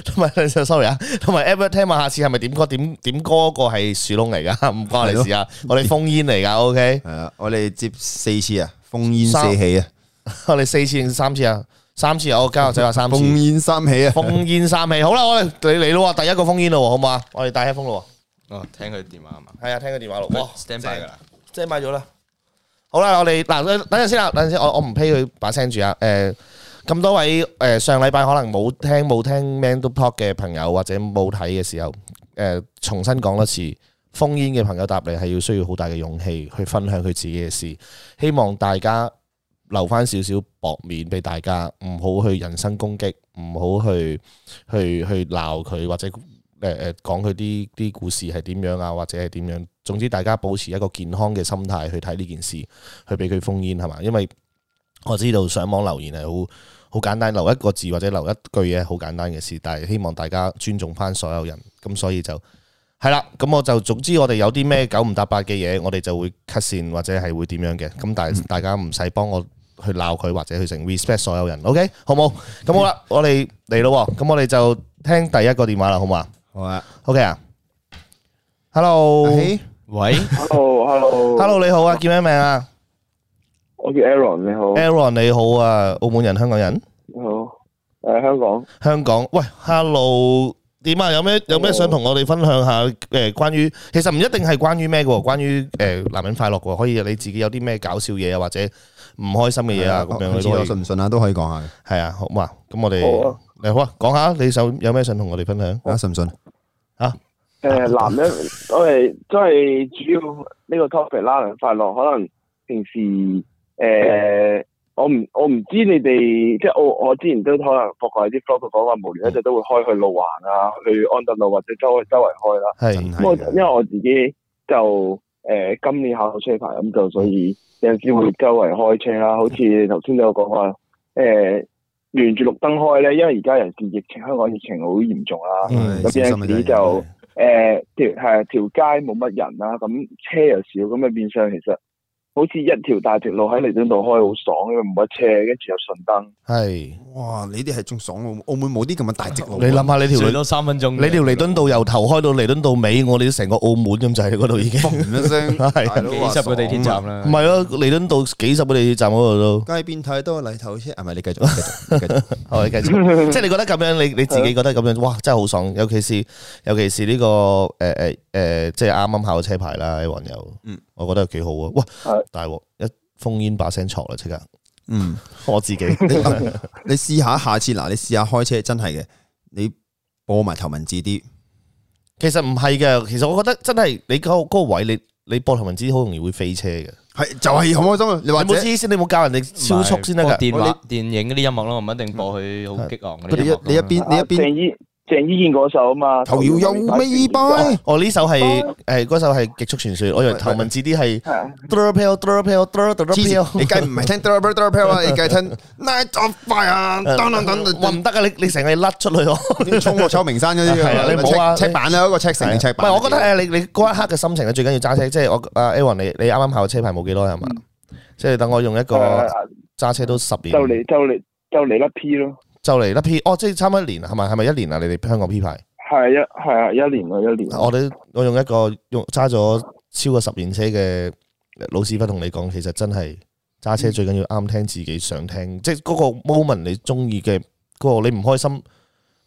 Speaker 1: 同埋，sorry 啊，
Speaker 2: 同埋 Ever 聽聞下次係咪點歌？
Speaker 1: 點點歌個係樹窿嚟噶，唔關我哋事啊。我哋封煙嚟噶，OK。係啊，我哋接四次啊，封煙四起啊。我哋四次定三次啊？三次啊！我交流仔話三次。封煙三起啊！封煙三起，好啦，我哋你嚟咯，第一個封煙咯，好嘛？我哋帶一封咯。哦，聽佢電話啊嘛。係啊，聽佢電話錄。Stand by。即係買咗啦，好啦，我哋嗱，等陣先啦，等陣先，我我唔批佢把聲住啊。誒、呃，咁多位誒、呃，上禮拜可能冇聽冇聽《Man Talk》嘅朋友或者冇睇嘅時候，誒、呃，重新講多次，烽煙嘅朋友答嚟係要需要好大嘅勇氣去分享佢自己嘅事，希望大家留翻少少薄面俾大家，唔好去人身攻擊，唔好去去去鬧佢或者。誒誒，講佢啲啲故事係點樣啊，或者係點樣啊，總之大家保持一個健康嘅心態去睇呢件事，去俾佢封煙係嘛，因為我知道上網留言係好好簡單，留一個字或者留一句嘢好簡單嘅事，但係希望大家尊重翻所有人，咁所以就係啦，咁我就總之我哋有啲咩九唔搭八嘅嘢，我哋就會 cut 線或者係會點樣嘅，咁但係大家唔使幫我去鬧佢或者去成 respect 所有人，OK 好冇？咁好啦，我哋嚟咯，咁我哋就聽第一個電話啦，好嘛？好啊，OK 啊，Hello，喂，Hello，Hello，Hello，你好啊，叫咩名啊？我叫 Aaron，你好，Aaron，你好啊，澳門人，香港人，你好，誒，香港，香港，喂，Hello，點啊？有咩有咩想同我哋分享下？誒，關於其實唔一定係關於咩嘅，關於誒男人快樂嘅，可以你自己有啲咩搞笑嘢啊，或者唔開心嘅嘢啊，咁樣都可以，信唔信啊都可以講下嘅，係啊，好嘛，咁我哋。你好啊！講下你有有咩想同我哋分享、嗯、啊？信唔信啊？
Speaker 6: 誒、呃，男嘅我哋，都係主要呢個 topic 啦，快樂可能平時誒、呃，我唔我唔知你哋即係我我之前都可能包括啲 vlog 嘅講話無聊，一直都會開去路環啊，去安德路或者周周圍開啦。係是。因為我自己就誒、呃、今年考到車牌咁就所以有陣時會周圍開車啦，嗯、好似頭先都有講話誒。呃沿住綠燈開咧，因為而家人哋疫情，香港疫情好嚴重啦。咁樣子就誒、嗯呃、條係條，條街冇乜人啦，咁車又少，咁嘅變相其實。好似一條大直路喺彌敦道開好爽，因為唔乜車，跟住又順燈。
Speaker 1: 係
Speaker 4: 哇，
Speaker 6: 呢啲
Speaker 3: 係仲爽，澳門冇啲
Speaker 1: 咁嘅大直路。你諗下你條嚟多三分鐘，你條彌敦道由頭開到彌敦道尾，我哋都成個澳門咁就喺嗰度已經。嘣一聲，係幾十個地鐵站啦。唔係咯，彌敦道幾十個地鐵站嗰度都。
Speaker 3: 街邊太多泥頭車，係咪？你繼續，繼續，
Speaker 1: 繼續。我哋繼續。即係你覺得咁樣，你你自己覺得咁樣，哇，真係好爽。尤其是尤其是呢個誒誒誒，即係啱啱考車牌啦，網友。嗯。我覺得又幾好啊！哇，大鑊的一封煙把聲嘈啦，即刻。
Speaker 4: 嗯，
Speaker 1: 我自己你試下，試下下次嗱，你試下開車真係嘅，你播埋頭文字啲。其實唔係嘅，其實我覺得真係你嗰嗰個位，你你播頭文字啲好容易會飛車嘅。係就係、是、好開心者你冇知先，你冇教人哋超速先得噶。電話
Speaker 2: 你電影嗰啲音樂咯，唔一定播佢好激昂嗰啲音樂。你一邊，你一邊。鄭伊健嗰首啊嘛，頭搖
Speaker 1: 又尾擺，哦呢首係誒嗰首係極速傳說，我以為頭文字 D 係。你梗唔係聽啊，你梗聽 Night of Fire 等等等，我唔得啊，你你成日甩出去哦，衝過秋名山嗰啲。係啊，你冇啊，赤板啊，一個赤城，赤板。喂，我覺得誒，你你嗰一刻嘅心情咧，最緊要揸車，即係我阿 Aaron 你你啱啱考嘅車牌冇幾多係嘛，即係等我用一個揸車都十年。就嚟
Speaker 6: 就嚟就嚟甩 P 咯。
Speaker 1: 就嚟啦 P 哦，即係差唔多一年係咪？係咪一年啊？你哋香港 P 牌係一係啊，一年啊，一年。一年我哋我用一個用揸咗超過十年車嘅老師傅同你講，其實真係揸車最緊要啱聽自己想聽，嗯、即係嗰個 moment 你中意嘅歌，嗰個，你唔開心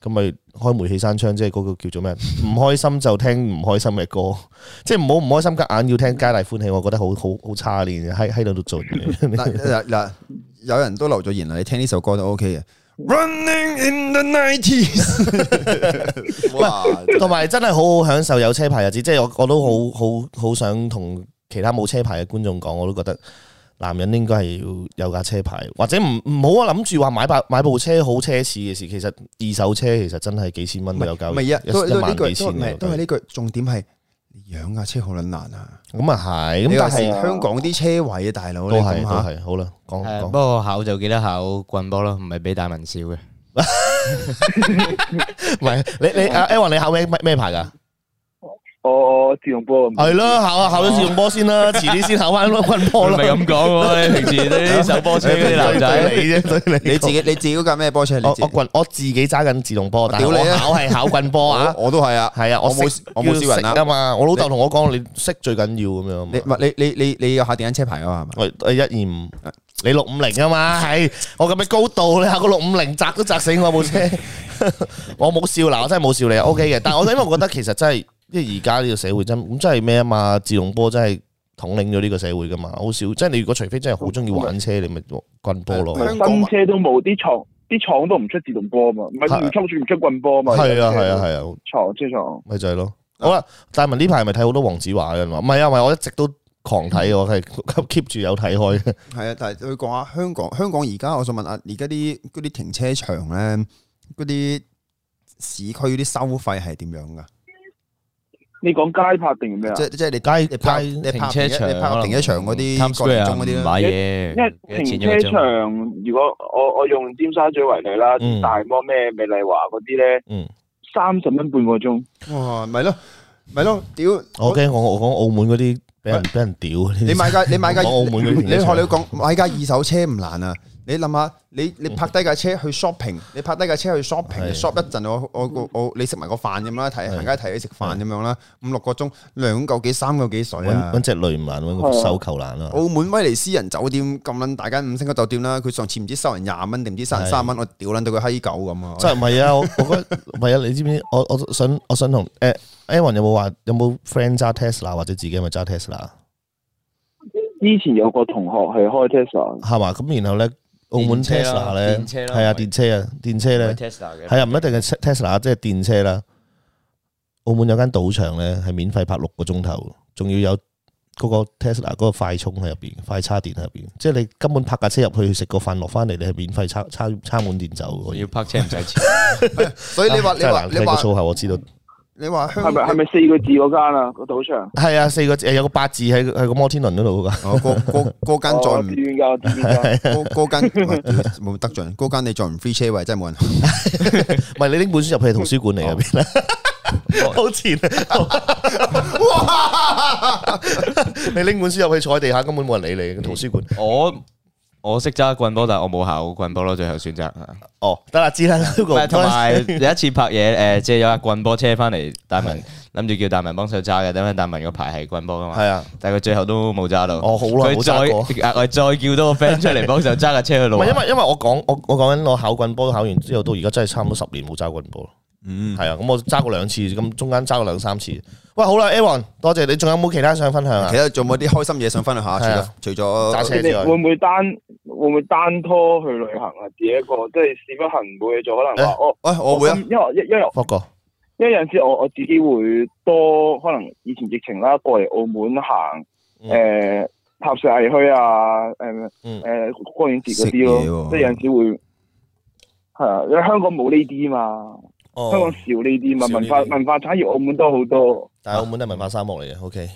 Speaker 1: 咁咪開煤氣山槍，即係嗰個叫做咩？唔 開心就聽唔開心嘅歌，即係唔好唔開心隔硬要聽皆大歡喜，我覺得好好好差呢喺喺度做。嗱 有人都留咗言啦，你聽呢首歌都 OK 嘅。
Speaker 4: Running
Speaker 3: in the nineties，
Speaker 1: 價值哇！同埋真係好好享受有車牌日子，即係我我都好好好想同其他冇車牌嘅觀眾講，我都覺得男人應該係要有架車牌，或者唔唔好啊諗住話買牌買部車好奢侈嘅事，其實二手車其實真係幾千蚊都有㗎，一萬幾千，唔係啊，都係呢句，這個，都
Speaker 3: 係呢句重點係。養架車好撚難啊！
Speaker 1: 咁啊係，
Speaker 3: 咁但係香
Speaker 2: 港
Speaker 1: 啲車位啊，大
Speaker 2: 佬都係都係，好啦，講不過考就記得考棍波囉，唔係畀大文笑嘅，唔係你你阿 Aaron 你考咩咩牌噶？
Speaker 1: 哦哦自動波係咯考啊考到自動波先啦，遲啲先考翻棍波咯。唔係咁講嘅，平時啲手波車嗰啲男仔你啫，你你自己你自己架咩波車？我我棍我自己揸緊自動波，但係我考係考棍波啊！我都係啊，係啊，我冇我冇笑人啊嘛！我老豆同我講，你識最緊要咁樣。你唔係你你你你有考電單車牌噶係咪？我一二五，你六五零啊嘛係？我咁嘅高度，你考個六五零砸都砸死我部車。我冇笑嗱，我真係冇笑你。O K 嘅，但係我因為覺得其實真係。即係而家呢個社會真咁真係咩啊嘛？自動波真係統領咗呢個社會噶嘛？好少，即係你如果除非真係好中意玩車，你咪棍波咯。玩公
Speaker 6: 車都冇，啲廠啲廠都唔出自動波啊嘛，唔係廉出唔出棍波啊嘛。係啊係啊係啊！廠車廠
Speaker 1: 咪、啊啊、就係咯。嗯、好啦，戴文呢排咪睇好多黃子華嘅嘛？唔係啊，唔、啊、我一直都狂睇、嗯、我係 keep 住有睇開嘅。係啊，但係佢講下香
Speaker 3: 港香港而家，我想問下，而家啲嗰啲停車場咧，嗰啲市區啲收費係點樣噶？
Speaker 1: 你講街拍定咩啊？即即係你街，你拍停車場，停車
Speaker 6: 場嗰啲貪個零鐘嗰啲咯。買嘢，因為停車場如果我我用尖沙咀為例啦，大摩咩美麗華嗰啲咧，三十蚊半個鐘。哇！咪咯，咪咯，屌！
Speaker 1: 我聽講我講澳門嗰啲俾人俾人屌。你買架你買架澳門，
Speaker 5: 你學你
Speaker 3: 講買架二手車唔難啊？你諗下，你你泊低架車去 shopping，你泊低架車去 shopping，shop 的一陣，我我我你食埋個飯咁啦，睇行街睇起食飯咁的樣啦，五六個鐘兩嚿幾三嚿幾水啊！揾揾只
Speaker 1: 累唔難，揾個，個，的個收購難啦。的
Speaker 3: 澳門威尼斯人酒店咁撚大間五星級酒店啦，佢上次唔知收人廿蚊定唔知三三蚊，我屌撚到佢閪狗咁啊！即係唔
Speaker 1: 係啊？我覺得，唔係啊！你知唔知？我我，我想我想同誒、欸、Aaron 有冇話有冇 friend 揸 Tesla 或者自己有咪揸 Tesla？
Speaker 6: 之前有個同學係開 Tesla。
Speaker 1: 係嘛？咁然後咧？澳門 Tesla 咧，係啊，電車啊，電車咧，係啊，唔一定係 Tesla，即係電車啦。澳門有間賭場咧，係免費泊六個鐘頭，仲要有嗰個 Tesla 嗰個快充喺入邊，快叉電喺入邊，即係你根本泊架車入去食個飯落翻嚟，你係免費叉叉叉滿電走。要泊車唔使錢，
Speaker 6: 所以你話你話你嘅粗口我知道。你話係咪係咪四個字嗰間
Speaker 1: 啊？個賭場係啊，四個字有個八字喺喺個摩天輪嗰度噶。哦，嗰嗰
Speaker 6: 嗰
Speaker 3: 間載唔自願噶，自願噶。嗰嗰
Speaker 1: 間冇得做，嗰間你
Speaker 3: 再唔飛車位真係冇人。
Speaker 1: 唔係你拎本書入去圖書館嚟啊？邊啊？好前
Speaker 4: 啊！哇！
Speaker 2: 你拎本書入去坐喺地下，根本冇人理你嘅圖書館。哦。我識揸棍波，但係我冇考棍波咯。最後選擇哦，得啦，知啦。同埋第一次拍嘢，誒，即係有架棍波車翻嚟，大文諗住叫大文幫手揸嘅，因為大文個牌係棍波啊嘛。係啊，但係佢最後都冇揸到。我好耐冇揸過。佢再，佢再叫多個 friend 出嚟幫手揸架車去路。因為因為我講，我我講緊我考棍波考完之後，
Speaker 1: 到而家真係差唔多十年冇揸棍波。嗯，係啊，咁我揸過兩次，咁中間揸過兩三次。喂，好啦 Aaron 多謝你，仲有冇其他想分享啊？其他仲有冇啲開心嘢想分享一下？除咗揸的車之
Speaker 6: 外，會唔會單會唔會單拖去旅行啊？自己一個，即係事不行唔會做，可能、欸、我，哎、欸，我,我會啊，因為因為因為,因為有陣時我我自己會多可能以前疫情啦，過嚟澳門行，誒、嗯呃，塔石藝墟啊，誒、呃、誒，光影節嗰啲咯，即係、嗯嗯、有陣時會係啊，因為香港冇呢啲嘛。香
Speaker 1: 港少呢啲嘛，文化文化產業澳門都好多。但係澳門都係文化沙漠嚟嘅，OK。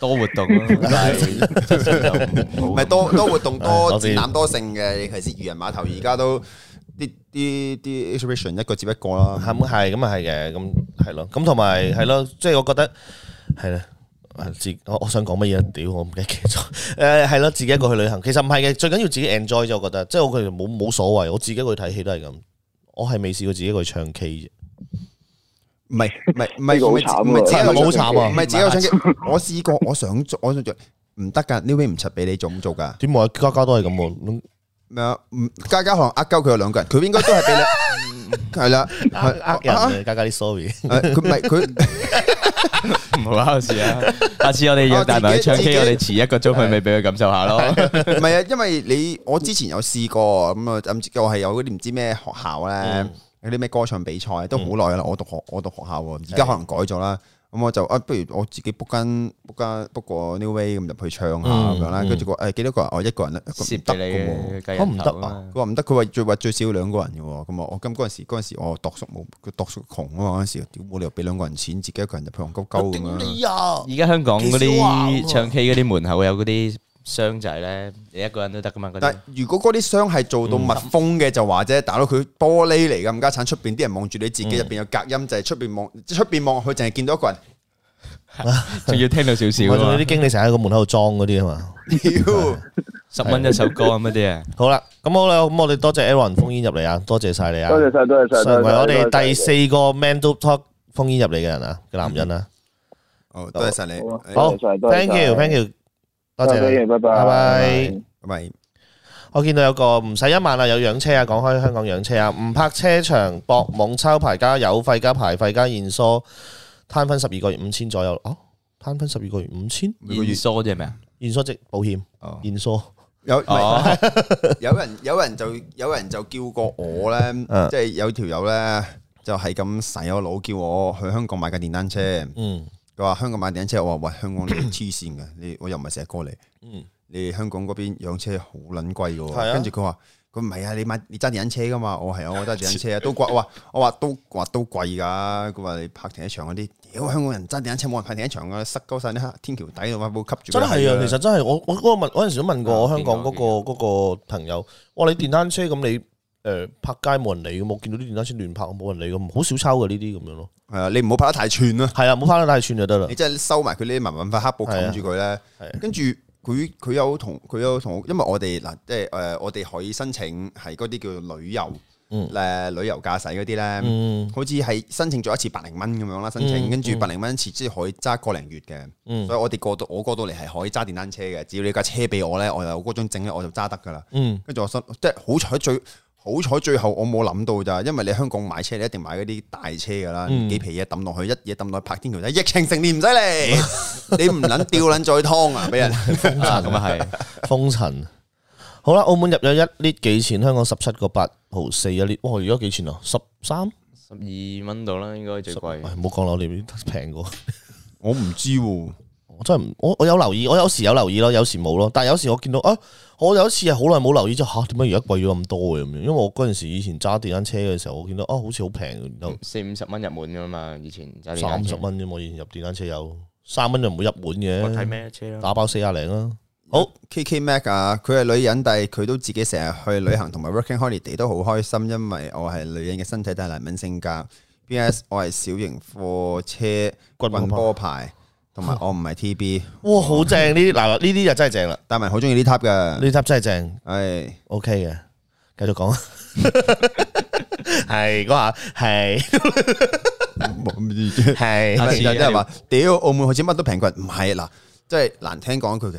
Speaker 1: 多活動，唔係多多活動多展覽多盛嘅。其實漁人碼頭而
Speaker 3: 家都啲啲
Speaker 1: 啲 exhibition 一個接一個啦。咁係咁啊係嘅，咁係咯。咁同埋係咯，即係我覺得係啦。自我我想講乜嘢？屌我唔記得咗。誒係咯，自己一個去旅行，其實唔係嘅，最緊要自己 enjoy 啫。我覺得即係我其實冇冇所謂，我自己一個去睇戲都係咁。我係未試過自己去唱 K 啫，唔係唔係唔係唔係自己，唔好慘啊！唔係自己唱 K，我
Speaker 3: 試過，我想做，我想做，唔得噶，New Way 唔出俾你做唔做噶？點解家家都係咁？咩啊？家家可能阿鳩佢有兩個人，佢應該都係俾你，係、 嗯、啦，係阿鳩，啊、
Speaker 2: 家家啲 sorry，係佢唔係佢。 唔好考試啊！ 下次我哋約大埋去唱 K，< 自己 S 1> 我哋遲一個鐘去咪俾佢感受下咯。
Speaker 3: 唔係啊，因為你我之前有試過啊，咁啊，咁又係有啲唔知咩學校咧，有啲咩歌唱比賽都好耐啦。我讀學我讀學校，而家的可能改咗啦。咁我就啊，不如我自己 book 間 book 間 book 個 new way 咁入去唱下咁樣啦。跟住個誒，幾多個人？我、哦、一個人咧，唔得嘅，唔得我啊？佢話唔得，佢話最話最少兩個人嘅。咁我我咁嗰陣時，陣時我度叔冇，佢度叔窮啊嘛嗰陣時。屌、哦，冇理由俾兩個人錢，自己一個人入去戇
Speaker 2: 鳩鳩咁樣。而家、啊啊、香港嗰啲唱 K 嗰啲門口有嗰啲。箱仔咧，你一個人都得噶嘛？但係
Speaker 3: 如果嗰啲箱係做到密封嘅就話啫，打到佢玻璃嚟噶，唔加層，出邊啲人望住你自己入邊有隔音，就係出邊望，出邊望佢淨係見到一個人，
Speaker 1: 仲要聽到少少。啲經理成日喺個門口度裝嗰啲啊嘛，
Speaker 2: 十蚊一首歌咁啲啊。
Speaker 1: 好啦，咁好啦，咁我哋多謝 Aaron 封煙入嚟啊，多謝晒你啊，多謝晒，多
Speaker 2: 謝晒，成為我哋第
Speaker 1: 四個 Man to Talk 封煙入嚟嘅人啊，個男人啊，多謝晒你，好，Thank you，Thank you。多謝，多謝，拜拜，拜拜，拜拜我見到有個唔使一萬啦，有養車啊，講開香港養車啊，唔泊車場，博懵抄牌加油費加牌費加燕梳攤分十二個月五千左右咯，哦、啊，攤分十二個月五千，每個月縮嗰啲係咩啊？燕梳即保險，燕梳有，
Speaker 3: 有人有人就有人就叫過我咧，即係 有條友咧就係咁洗我腦，叫我去香港買架電單車，嗯。佢話香港買電單車，我話喂香港黐線嘅， 你我又唔係成日過嚟，你香港嗰邊養車好撚貴嘅。嗯、跟住佢話佢唔係啊，你買你揸電單車噶嘛？我係我揸電單車啊，都貴。我話 我話都話都貴噶。佢話你泊停車場嗰啲屌，香港人揸
Speaker 1: 電單車冇人泊停一場噶，塞高晒啲黑天橋底啊，冇吸住。真係啊，其實真係我我嗰個問陣時都問過我香港嗰、那個個朋友，我、哦、你電單車咁你。誒、呃，拍街冇人理噶嘛？我見到啲電單車亂拍，冇人理噶，好少抄噶呢啲咁樣咯。係啊，你唔好拍得太串啦。係啊，唔好拍得太串就得啦。你
Speaker 3: 即係收埋佢呢，啲文文塊黑布冚住佢咧。啊啊、跟住佢佢有同佢有同，因為我哋嗱，即係誒，我哋可以申請係嗰啲叫做旅遊，誒、嗯呃、旅遊駕駛嗰啲咧，嗯、好似係申請咗一次百零蚊咁樣啦。申請、嗯嗯、跟住百零蚊一次，即係可以揸個零月嘅。嗯、所以我哋過到我過到嚟係可以揸電單車嘅，只要你架車俾我咧，我有嗰張證咧，我就揸得噶啦。嗯、跟住我即係好彩最。好彩最後我冇諗到咋，因為你香港買車你一定買嗰啲大車㗎啦，幾皮嘢抌落去，一嘢抌落去拍天橋底，疫情，成年唔使嚟，你唔捻吊捻再劏啊，俾人封塵咁
Speaker 2: 啊，係，
Speaker 1: 封塵。好啦，澳門入咗一 lit 幾錢？香港十七個八毫四一 lit，哇！而家幾錢啊？十三、
Speaker 2: 十二蚊度啦，應該最貴。唔
Speaker 1: 好講樓，你平過，我唔知喎。我真係唔我我有留意，我有時有留意咯，有時冇咯。但係有時我見到啊，我有一次係好耐冇留意咗，吓點解而家貴咗咁多嘅咁樣？因為我嗰陣時以前揸電單車嘅時候，我見到啊，好似好平又四五
Speaker 2: 十蚊入滿噶嘛。以前三十蚊啫，我以前入
Speaker 1: 電單車有三蚊就唔會入滿嘅。我睇咩車啊？打包四廿零啦。好，K K
Speaker 3: Mac 啊，佢係女人，但係佢都自己成日去旅行，同埋 working holiday 都好開心。因為我係女人嘅身體，都係男人性格。B S 我係小型貨車棍
Speaker 1: 波牌。同埋我唔係 T B，哇好正呢啲嗱，呢啲又真係正啦，但係好中意呢 part 噶，呢 part 真係正，係、哎、OK 嘅，繼續講，係嗰下係，係，但係事實真係話，
Speaker 3: 屌澳門好似乜都平過，唔係嗱，即係難聽講句嘅。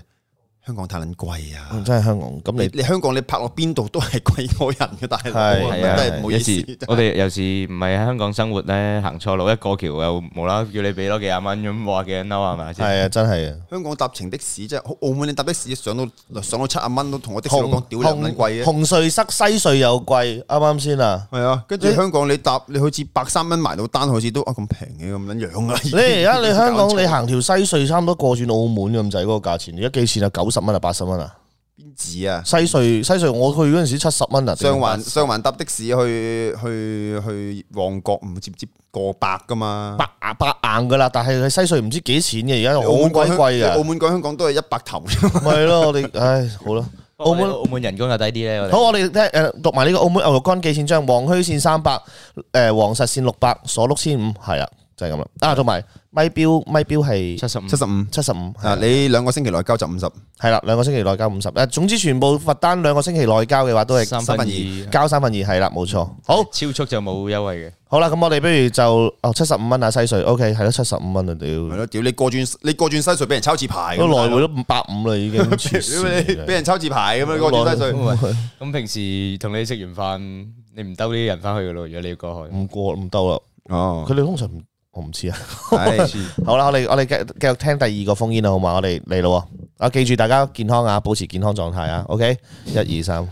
Speaker 3: 香港太撚貴
Speaker 1: 啊！真係香港，
Speaker 2: 咁
Speaker 3: 你你香港你拍落邊度都係貴過人嘅大陸，真係唔好意思。我哋
Speaker 2: 有時唔係香港生活咧，行錯路一過橋又無啦，叫你俾多幾廿蚊咁話幾撚嬲係咪？係啊，真係
Speaker 1: 啊！
Speaker 3: 香港搭程的士真係，澳門你搭的士上到上到七啊蚊，都同我啲香港屌撚貴啊！紅
Speaker 1: 隧塞，西隧又貴，啱啱先啊！係啊，
Speaker 3: 跟住香港你搭你好似百三蚊埋到單，好似都咁平嘅咁撚樣啊！你而家你香港你行
Speaker 1: 條西隧差唔多過住澳門咁滯嗰個價錢，而家幾錢啊？九十蚊啊，八十蚊啊，邊止啊？西隧西隧，我去嗰陣時七十蚊啊。上環
Speaker 3: 上環搭的士去去去旺角，唔接接過百噶嘛，百硬百硬噶啦。但係喺
Speaker 1: 西隧唔知幾錢嘅，而家好鬼貴嘅。澳門
Speaker 3: 講香港都係一百頭，係
Speaker 1: 咯，我哋唉
Speaker 2: 好咯。澳門澳門人工又低啲咧。好，我
Speaker 1: 哋聽誒讀埋呢個澳門牛肉乾幾錢張？黃虛線三百，誒黃實線六百，鎖六千五，係啊，就係咁啦。啊，同埋。咪錶，咪錶係七十五，七十五，七十五。啊，你兩個星期內交就五十，係啦，兩個星期內交五十。誒，總之全部罰單兩個星期內交嘅話都係三分二，交三分二係啦，冇錯。
Speaker 2: 好，超速就冇優惠嘅。
Speaker 1: 好啦，咁我哋不如就哦七十五蚊啊，西隧，OK，係咯七十五蚊啊，屌，係咯，
Speaker 3: 屌你過轉，你過轉西隧俾人抄字牌，我來回都五百五啦已經，屌你
Speaker 2: 俾人抄字牌咁樣過轉西隧。咁平時同你食完飯，你唔兜啲人翻去嘅咯，如果你要過去，唔過唔兜啦，
Speaker 1: 哦，佢哋通常唔。我唔知啊，好啦，我哋我哋繼繼續聽第二個封煙啦，好嘛？我哋嚟咯，啊，記住大家健康啊，保持健康狀態啊，OK？一二三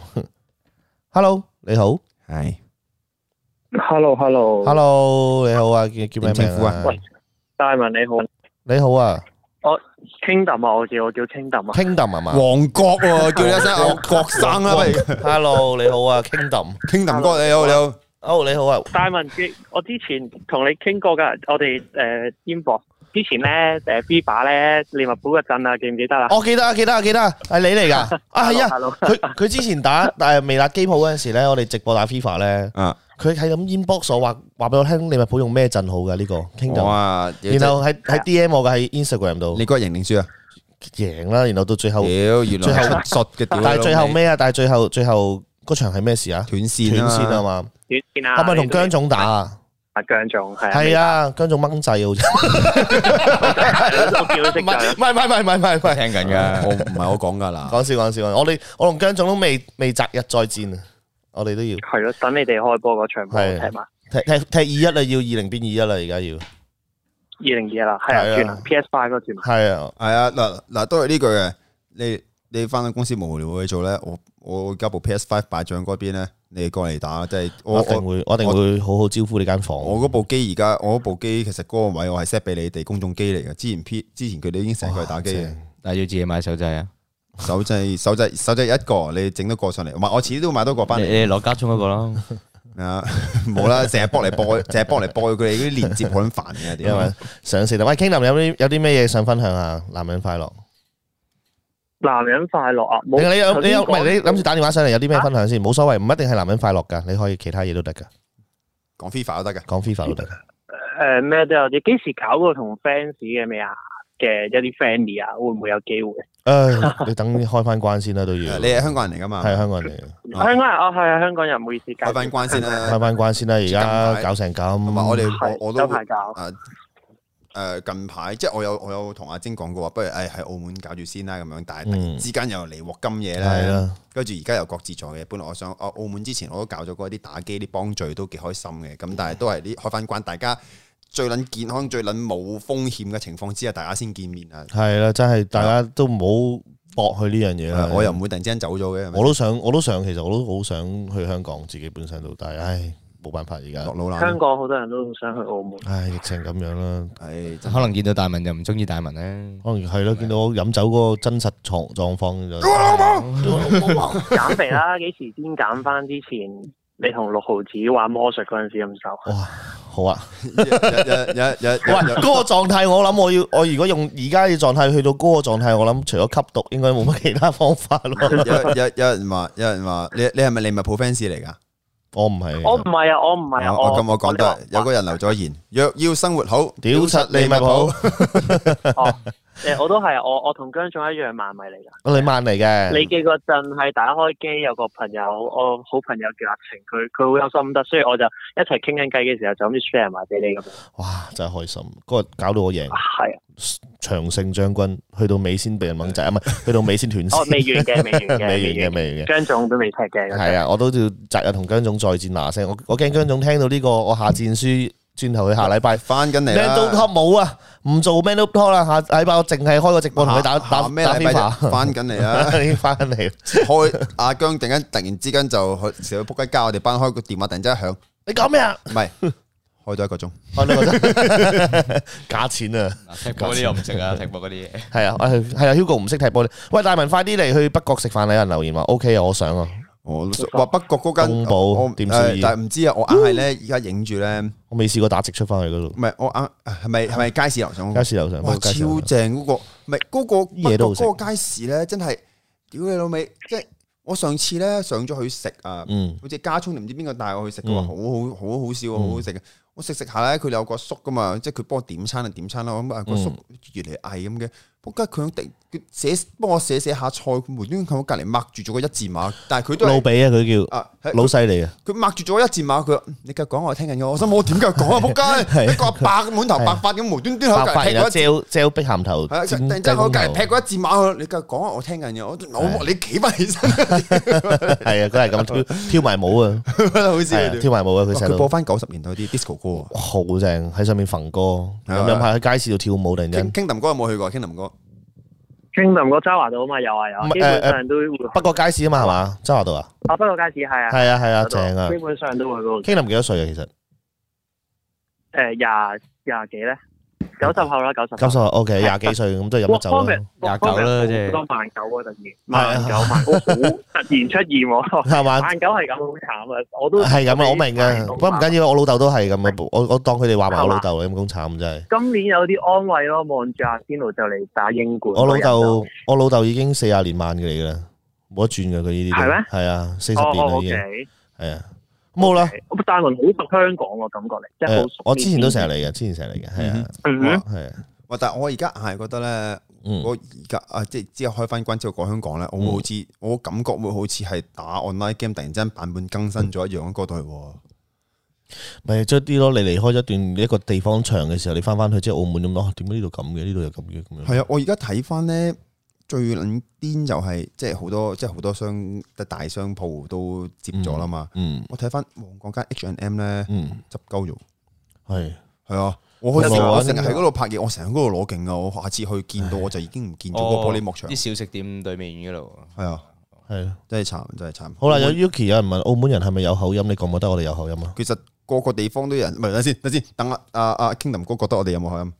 Speaker 1: ，Hello，你好，係
Speaker 6: ，Hello，Hello，Hello，
Speaker 1: 你好啊，叫叫咩名啊？喂，戴文你好，你好啊，我 Kingdom 啊，我叫我叫 Kingdom 啊，Kingdom 啊嘛，王國喎，叫一聲國生啦喂，Hello，你好啊，Kingdom，Kingdom 哥你好你好。哦，
Speaker 6: 你好啊，戴文杰，我之前同你傾過噶，我哋誒 inbox 之前咧誒 FIFA 咧利物浦嘅陣
Speaker 1: 啊，記唔記得啊？我記得啊，記得啊，記得啊，係你嚟噶啊，係啊，佢佢之前打但誒未打機鋪嗰陣時咧，我哋直播打 FIFA 咧，佢係咁 inbox，所話話俾我聽利物浦用咩陣好嘅呢個，然後喺喺 DM 我嘅喺 Instagram 度，你估贏定輸啊？贏啦，然後到最後，最後索嘅，但係最後咩啊，但係最後最後。嗰場係咩事啊？斷線啦，斷線啊嘛！斷線啊？係咪同姜總打啊？
Speaker 6: 阿姜總係，係啊，
Speaker 1: 姜總掹掣好似，唔係唔係唔係唔係唔係，聽緊噶，我唔係我講噶啦。講笑，講笑，我哋我同姜總都未未擇日再戰啊！我哋都要係咯，等你哋開波嗰場，
Speaker 6: 踢嘛
Speaker 1: 踢踢踢二一啦，要二零變二一啦，而家要二
Speaker 6: 零二一啦，係啊轉
Speaker 3: 啊，PS 五嗰轉，係啊係啊，嗱嗱都係呢句嘅你。你翻到公司無聊去做咧，我我而家部 PS Five 擺咗喺嗰邊咧，你過嚟打，即係我,我一定會，我,我一定會
Speaker 2: 好好招呼你間房。
Speaker 3: 我部機而家，我部機其實嗰個位我係 set 俾你哋公眾機嚟嘅。之前 P，之前佢哋已經成日去打機嘅。但
Speaker 2: 要自己買手掣啊。啊，手掣，手
Speaker 3: 掣手掣一個，你整得過上嚟，唔係我遲啲都買多個翻嚟。你
Speaker 2: 攞家充一個咯，
Speaker 3: 啊
Speaker 1: 冇啦，成日播嚟播，成日播嚟播佢哋嗰啲鏈接好撚煩嘅。為因為上次啦，喂，傾林有啲有啲咩嘢想分享啊？男人快樂。
Speaker 6: 男人快樂啊！你有你有，唔係你
Speaker 1: 諗住打電話上嚟有啲咩分享先？冇所謂，唔一定係男人快樂㗎，你可以其他嘢都得㗎，講 FIFA 都得㗎，講 FIFA 都得㗎。誒
Speaker 6: 咩都有？你幾時搞過同 fans 嘅咩啊？嘅一啲 friend 啊，會唔會有機
Speaker 1: 會？誒，你等開翻關先啦，都要。你係香港人嚟㗎嘛？係香港人嚟嘅。香港人哦，係香港人，唔
Speaker 6: 好意思。開翻關先啦，開翻
Speaker 1: 關先啦，而家搞成咁。同埋我哋，我我
Speaker 3: 都。誒，近排即係我有我有同阿晶講過話，不如誒喺澳門搞住先啦，咁樣，但係突然之間又嚟鑊金嘢啦，跟住而家又各自在嘅。本來我想，澳門之前我都搞咗嗰啲打機啲幫聚都幾開心嘅，咁但係都係啲開翻關，大家最捻健康、最捻冇風險嘅情況之下，大家先見面啊！
Speaker 1: 係啦、嗯，的真係大家都唔好搏去呢樣嘢啦。的的我又
Speaker 3: 唔會突然之間走咗嘅。我都
Speaker 1: 想，我都想，其實我都好想去香港，自己本身都大，唉。冇辦法而家，香港好多人
Speaker 6: 都想去澳
Speaker 1: 門。唉，疫情咁樣啦，係可能見到大文又唔中意大文咧，可能係咯，見到我飲酒嗰個真實狀狀況就減肥啦，幾時先
Speaker 6: 減翻之前你同六毫子玩魔術嗰陣時飲酒？哇，好啊！有有有有哇，嗰個
Speaker 1: 狀態我諗我要，我如果用而家嘅狀態去到嗰個狀態，我諗除咗吸毒應該冇乜其他方法咯。有有
Speaker 3: 人話，有人話你你係咪，你咪 professor 嚟噶？我唔係，我
Speaker 6: 唔係啊，我唔係啊，我咁我
Speaker 3: 講得有個人留咗言。若要生活好，屌實你咪好。
Speaker 6: 哦，誒、呃，我都係，我我同姜總一樣
Speaker 1: 萬米嚟噶。我李萬嚟嘅。哦、你記
Speaker 6: 嗰陣係打開機，有個朋友，我好朋友叫阿晴，佢佢會有心得，所以我就一齊傾緊偈嘅時候，就咁 share 埋俾你咁。
Speaker 1: 哇，真係開心！嗰日搞到我贏。係、啊。長勝將軍去到尾先被人掹仔，唔係的、啊、去到尾先斷。 哦，未完嘅，未完嘅，未完嘅，未完嘅。完姜
Speaker 6: 總都未踢嘅。係啊，
Speaker 1: 我都要擇日同姜總再戰嗱聲。我我驚姜總聽到呢、這個我下戰書。嗯轉頭去下禮拜翻緊嚟啦，咩都拖冇啊，唔做咩都拖啦，下禮拜我淨係開個直播，唔會打打打邊牌。翻緊嚟啊，啲翻緊嚟。
Speaker 3: 開阿姜，突然間突然之間就成日扑街加，我哋班開個電話突然之間響，
Speaker 1: 你講咩 啊？唔係開多一個鐘，開多一個鐘假錢啊！
Speaker 2: 踢波啲又唔識啊，踢波嗰啲
Speaker 1: 嘢。係啊，係啊，Hugo 唔識踢波。喂，大文快啲嚟去北角食飯啦！有人留言話，OK 啊，我想啊。我話北角嗰間，我點試？但係唔知啊，我啱
Speaker 3: 係咧，而家影住咧，我未試過打直出翻去嗰度。唔係我啱係咪係咪街市樓上？街市樓上哇，超正嗰個，係嗰個北角個街市咧，真係屌你老味。即係我上次咧上咗去食啊，好似家聰唔知邊個帶我去食嘅話，好好好好笑好好食嘅。我食食下咧，佢有個叔噶嘛，即係佢幫我點餐就點餐啦。咁啊，個叔越嚟嗌咁嘅。仆街佢定佢寫幫我寫寫下菜，無端端喺我隔籬擘住咗個一字馬，但係佢都老比啊！佢叫啊老細嚟啊！佢擘住咗一字馬，佢你繼續講我聽緊嘢，我心我點解講啊仆街！一個阿伯滿頭白發咁無端端喺隔籬劈個啫
Speaker 1: 啫碧咸頭，突然之間喺隔籬劈
Speaker 3: 個一字馬，你繼續講我聽緊嘢，我我你企
Speaker 4: 翻起
Speaker 1: 身，係啊，佢係咁跳跳埋舞啊，好似跳埋舞啊！佢成日播翻九十年代啲 disco 歌，好正喺上面焚歌，有冇係喺街市度跳舞定？King King 林哥有冇去
Speaker 6: 過？King 林哥。京林個周華道啊嘛，有啊有，啊，基本上
Speaker 1: 都不過街市啊嘛，係嘛，周華道啊。啊，不
Speaker 6: 過街市係啊，係
Speaker 1: 啊係啊，正啊。基本上都會嗰度，啊。京林幾多歲啊？其實誒、呃，廿廿
Speaker 6: 幾咧。九十後啦，九十。九十，O K，廿幾
Speaker 1: 歲咁都係飲酒啊，廿九啦，即係。多萬九啊，突然。萬九萬，
Speaker 6: 好突然出現喎。萬九係咁，好慘啊！我
Speaker 1: 都係咁啊，我明啊，不過唔緊要，我老豆都係咁啊，我我當佢哋話埋我老豆啊，咁公慘真係。
Speaker 6: 今年有啲安慰咯，望住阿仙奴就嚟打英冠。我老豆，
Speaker 1: 我老豆已經四廿年萬嘅嚟啦，冇得轉嘅佢呢啲，係咩？係啊，四十年啦已經，係啊。
Speaker 6: 冇啦，Okay. Okay. 但係我好熟香港
Speaker 1: 嘅感、哎、呀覺嚟、嗯，即係好熟。我之前都成日嚟嘅，之前成日嚟嘅，係啊，係
Speaker 6: 啊。喂，
Speaker 3: 但係我而家係覺得咧，我而家啊，即係之後開翻關之後過香港咧，我會好似、嗯、我感覺會好似係打 online game 突然間版本更新咗一樣嘅角度嚟。
Speaker 1: 咪即啲咯，你離開一段一個地方長嘅時候，你翻翻去即係澳門咁咯？點解呢度咁嘅？呢度又咁嘅？咁樣係啊！嗯嗯、
Speaker 3: 我而家睇翻咧。最撚癲就係即係好多，即係好多商嘅大商鋪都接咗啦嘛，我睇翻旺角間 H and M 咧，執鳩咗，係係啊！我去成日喺嗰度拍嘢，我成日喺嗰度攞
Speaker 1: 鏡啊！我下次去見到我就已經唔見
Speaker 2: 到個玻璃幕牆。啲、哦哦、小食店對面嘅度，係啊係，真係慘，真係慘。慘好啦，有
Speaker 1: Yuki 有人問澳門人係咪有口音？你覺唔覺得我哋有口音啊？其實
Speaker 3: 個個地方都有人，唔係等先，等先，等阿、啊、阿、啊啊、Kingdom 哥覺得我哋有冇口音？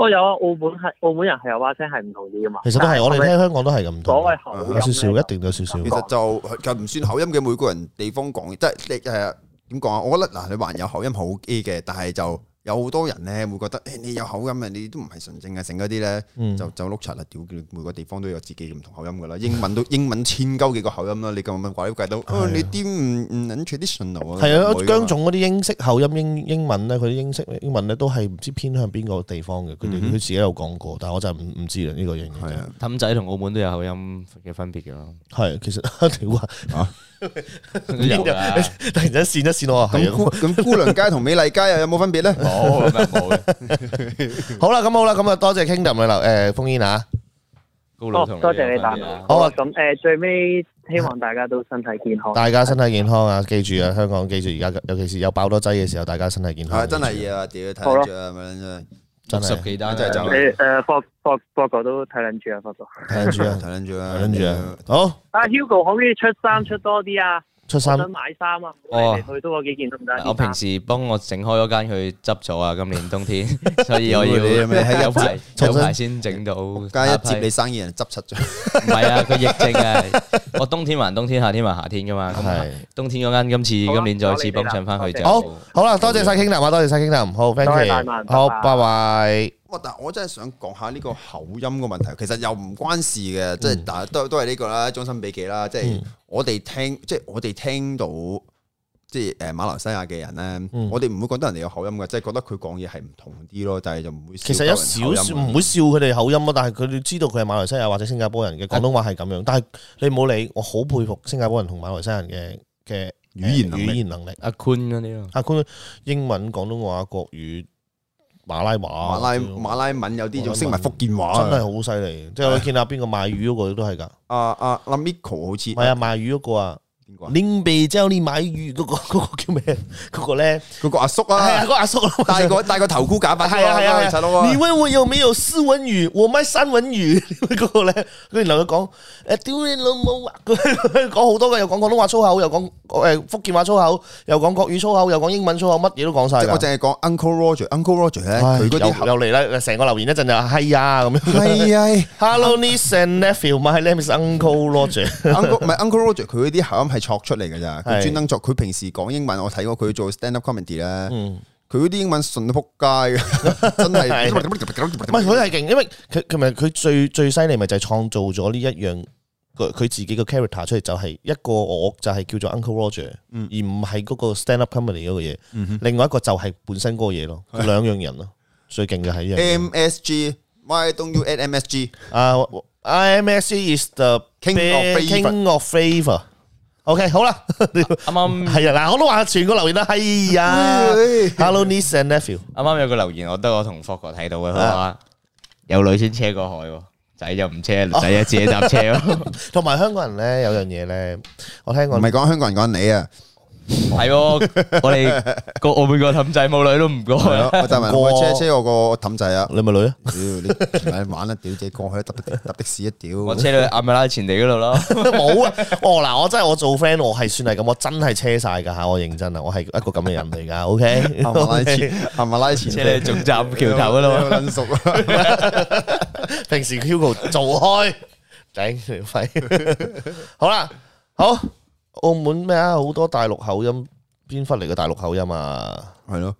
Speaker 3: 我有啊，澳門係澳門人係有把聲係唔同啲
Speaker 1: 嘅嘛。其實都係，我哋聽香港都係咁多。所謂口音有少少，一定有少少。其實
Speaker 3: 就就唔算口音嘅，每個人地方講嘢，即係你誒點講啊？我覺得嗱，你還有口音好啲嘅，但係就。有好多人咧會覺得誒、欸，你有口音啊，你都唔係純正啊，成嗰啲咧就就，就碌柒啦！屌，每個地方都有自己唔同口音噶啦、嗯，英文都英文千鳩幾個口音啦，你咁樣怪呢句都，你啲唔唔捻 traditional 係啊，姜
Speaker 1: 總嗰啲英式口音英英文咧，佢啲英式英文咧都係唔知偏向邊個地方嘅，佢哋佢自己有講過，嗯、但係我就係唔唔知啦呢個嘢。氹、啊、仔同澳門都有口音嘅分別㗎喇。係、啊，其實哈哈你啊，條突然間線一線喎。咁 姑娘街同美麗街又有冇分別咧？哦、會會 好，好，冇好啦，咁好啦，咁啊，多謝 Kingdom 嘅留，誒，烽煙啊，高多謝你讚，啊好啊，咁誒、啊，
Speaker 6: 最尾希望大家都身體健康，大家身
Speaker 1: 體健康啊，記住啊，香港記住而家，尤其是有爆多劑嘅時候，大家身體健康，真係啊，屌
Speaker 6: 睇緊住啊，
Speaker 3: 咪拎、啊啊、真係、啊、十幾
Speaker 1: 單真係
Speaker 6: 走，誒、uh,，博、uh, 博哥都睇緊住啊，博哥睇緊住啊，睇緊
Speaker 1: 住啊，好，
Speaker 6: 阿 Hugo 好似出衫出多啲啊？出衫，想買衫啊！哦，去多咗幾件得唔
Speaker 2: 得？我平時幫我整開嗰間去執咗啊！今年冬天，所以我要喺有排，有排先整到。
Speaker 3: 家一接你生意人執出咗，
Speaker 2: 唔係啊！佢疫症啊！我冬天還冬天，夏天還夏天噶嘛。係冬天嗰間今次今年再次幫襯翻佢整。好，
Speaker 1: 好啦，多謝晒傾談啊，多謝晒傾談。好，thank you。好，拜
Speaker 2: 拜。我
Speaker 3: 但我真係想講下呢個口音嘅問題，其實又唔關事嘅，嗯、即係但都都係呢個啦，中心比記啦，即係我哋聽，即係、嗯、我哋聽到，即係誒馬來西亞嘅人咧，嗯、我哋唔會覺得人哋有口音嘅，即、就、係、是、覺得佢講嘢係唔同啲咯，但係就唔會。其實有，小小有少少唔會
Speaker 1: 笑佢哋口音咯，但係佢哋知道佢係馬來西亞或者新加坡人嘅廣東話係咁樣，但係你冇理，我好佩服新加坡人同馬來西亞人嘅嘅語言語言能力。阿寬嗰啲啊，阿寬英文、廣東話、國語文。文馬拉馬拉，來馬拉文有啲仲識埋福建話，真係好犀利。唉即係我見阿邊個賣魚嗰個都係㗎。啊阿阿 Miko 好似係啊，賣魚嗰個啊。令貝州你買魚嗰個嗰個叫咩？嗰個咧，嗰個阿叔啊，係啊個阿叔，戴個戴個頭箍假髮咯，係啊係啊，你會會有冇有斯文魚？我買三文魚，你會嗰個咧？佢然後佢講誒，屌你老母啊！講好多嘅，又講廣東話粗口，又講誒福建話粗口，又講國語粗口，又講英文粗口，乜嘢都講晒。我淨係講 Uncle Roger，Uncle Roger 咧，佢嗰啲又嚟啦，成個留言一陣就係啊咁樣。係啊，Hello，niece and nephew，my name is Uncle Roger，Uncle
Speaker 3: 唔係 Uncle Roger，佢嗰啲口音係。作出嚟㗎咋，佢專登作。佢平時講英文，我睇過佢做
Speaker 1: stand up comedy 啦。佢嗰啲英文順到撲街嘅，真係唔係佢係勁，因為佢佢咪佢最最犀利咪就係創造咗呢一樣佢佢自己個 character 出嚟，就係一個我就係叫做 Uncle Roger，而唔係嗰個 stand up comedy 嗰個嘢。另外一個就係本身嗰個嘢咯，兩樣人咯，最勁嘅係一樣。M S G，Why don't you add M S G？啊，I M S G is the king of favor。OK，好啦，啱啱係啊，嗱，我都話全個留言啦，係、哎、呀 Hello niece and nephew，
Speaker 2: 啱啱有個留言，我都有同霍哥睇到嘅，佢話、啊、有女先車過海，仔就唔車，仔啊自己搭車咯，同埋香港
Speaker 1: 人咧有樣嘢咧，我聽過唔係講香港人講你啊。
Speaker 2: 係， 我哋個我每個氹仔冇女都唔過，帶埋我車車我個氹仔啊！你咪女啊？屌
Speaker 1: 你，前玩得屌嘢，過去搭的士一屌，我車你
Speaker 2: 亞馬喇前地嗰度咯，
Speaker 1: 冇啊！ 哦，嗱，我真係我做 friend，我係算係咁，我真係車晒噶吓，我認真啊，我係一個咁嘅人嚟噶，OK？亞馬喇前，亞馬喇前，我車到總站橋頭嗰度，熟啊！ 平時 Hugo 做開頂肺， 好啦，好。好好澳門咩啊？好多大陸口音，邊忽嚟嘅大陸口音啊，係咯，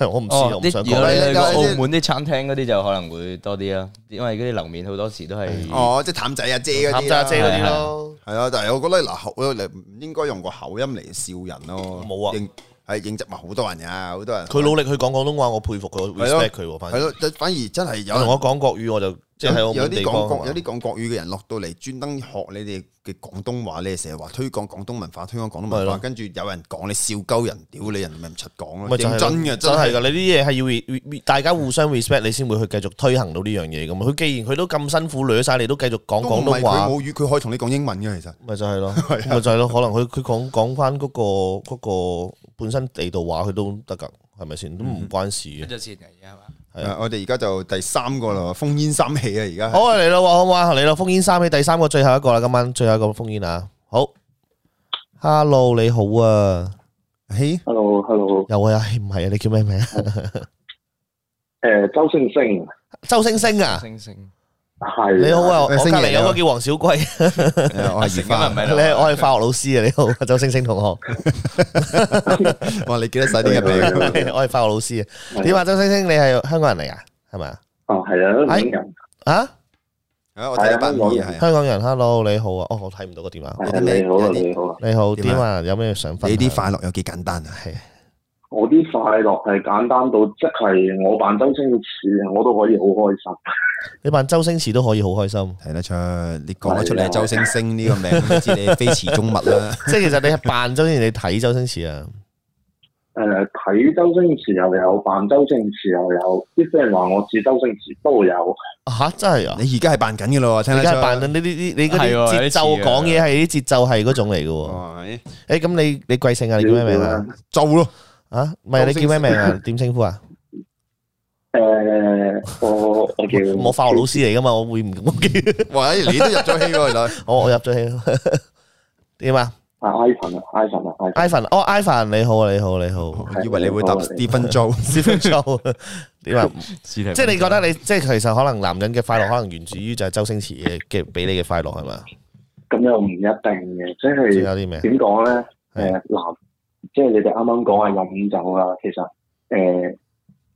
Speaker 1: 我唔知啊。我唔想講。澳門
Speaker 2: 啲餐廳嗰啲就可能會多啲啊，因為嗰啲樓面好多時都係哦，即係淡仔阿姐嗰啲啦，係啊，但係我覺得嗱，口嚟唔應該用個口音嚟笑人咯。冇啊，認
Speaker 3: 係認識埋好多人噶，好多人。佢努
Speaker 1: 力去講廣東話，我佩服佢，respect 佢。係咯，
Speaker 3: 反而真係有同我
Speaker 1: 講國語，我就。有啲講國有
Speaker 3: 啲講國語嘅人落到嚟，專登學你哋嘅廣東話咧，成日話推廣廣東文化，推廣廣東文化，跟住有人講你笑鳩人，屌你人唔出講咯。唔係真嘅，真係噶，你
Speaker 1: 啲嘢係要，大家互相 respect，你先會去繼續推行到呢樣嘢噶嘛。佢既然佢都咁辛苦，掠晒你都繼續講廣東話。佢冇語，佢可以同你講英文嘅，其實。咪就係咯，咪就係咯，可能佢佢講講翻嗰個嗰個本身地道話，佢都得噶，係咪先？都唔關事嘅。係啊，我哋而家就
Speaker 3: 第三個啦，烽煙三起啊，而家
Speaker 1: 好啊嚟咯，好唔好啊嚟咯，烽煙三起，第三個最後一個啦，今晚最後一個烽煙啊，好，hello 你好啊，誒，hello hello，又啊，係唔係啊？你叫咩名
Speaker 6: 啊？誒，周星星，
Speaker 1: 周星星啊，星星。係你好啊，我隔籬有個叫黃小龜，我係鹽巴，你我係化學老師啊，你好，周星星同學，我話你記得晒啲入嚟，我係化學老師啊。點啊，周星星，你係香港人嚟噶，係咪啊？
Speaker 6: 哦，係
Speaker 1: 啊，都香港人啊，我睇唔到，香港人，Hello，你好啊，哦，我睇唔到個電話，你好，你好，你好，點啊？有咩想法？你啲快樂有幾簡單啊？係
Speaker 6: 我啲快樂係簡單到，即係我扮周星馳，我都可以好開心。
Speaker 1: 你扮周星馳都可以好開心，睇得出，你講得出嚟，周星星呢個名， 知你非池中物啦。 即係其實你係扮周星馳，你睇周星馳啊。
Speaker 6: 誒，睇周星馳又有，扮周星馳又有，啲 friend 話我似周星馳都有。
Speaker 1: 啊，真係啊！你而家係扮緊嘅啦，聽得出。而家扮你啲啲，你節奏講嘢，係啲節奏係嗰種嚟嘅。誒，咁、欸、你你貴姓啊？你叫咩名啊？做咯，啊，唔係你叫咩名啊？點稱呼啊？ 誒，我我叫我化學老師嚟噶嘛，我會唔我叫喂，你都入咗戲㗎，原來我我入咗戲點啊？係 iPhone 啊，iPhone 啊，iPhone 哦，iPhone 你好啊，你好你好，以為你會答 Steven Zhou，點啊？即係你覺得你即係其實可能男人嘅快樂可能源自於就係周星馳嘅俾你嘅快樂係嘛？
Speaker 6: 咁又唔一定嘅，即係有啲咩，點講咧？誒，男即係你哋啱啱講係，飲酒啊，其實誒。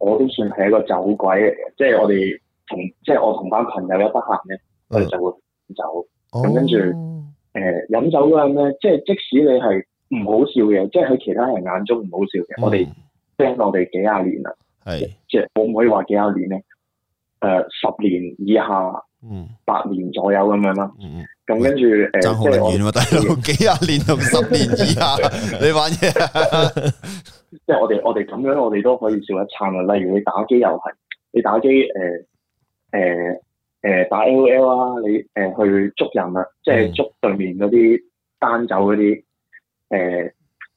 Speaker 6: 我都算係一個酒鬼嚟嘅，即係我哋同即係我同班朋友一得閒咧，嗯、我哋就會飲酒。咁、哦、跟住，誒、呃，飲酒嗰陣咧，即係即使你係唔好笑嘅，即係喺其他人眼中唔好笑嘅，嗯、我哋撐我哋幾廿年啦。係，即係我唔可以話幾廿年咧，誒是、呃，十年以下，嗯，八年左右咁樣啦、嗯。嗯嗯。咁跟住，誒、呃，即係、啊、我哥幾廿年到十年以下。 你玩嘢，啊，即係 我哋我哋咁樣，我哋都可以笑一餐啊！例如你打機又係，你打機誒誒誒打 L O L 啊，你、呃、誒去捉人啊，即、就、係、是、捉對面嗰啲單走嗰啲誒。嗯呃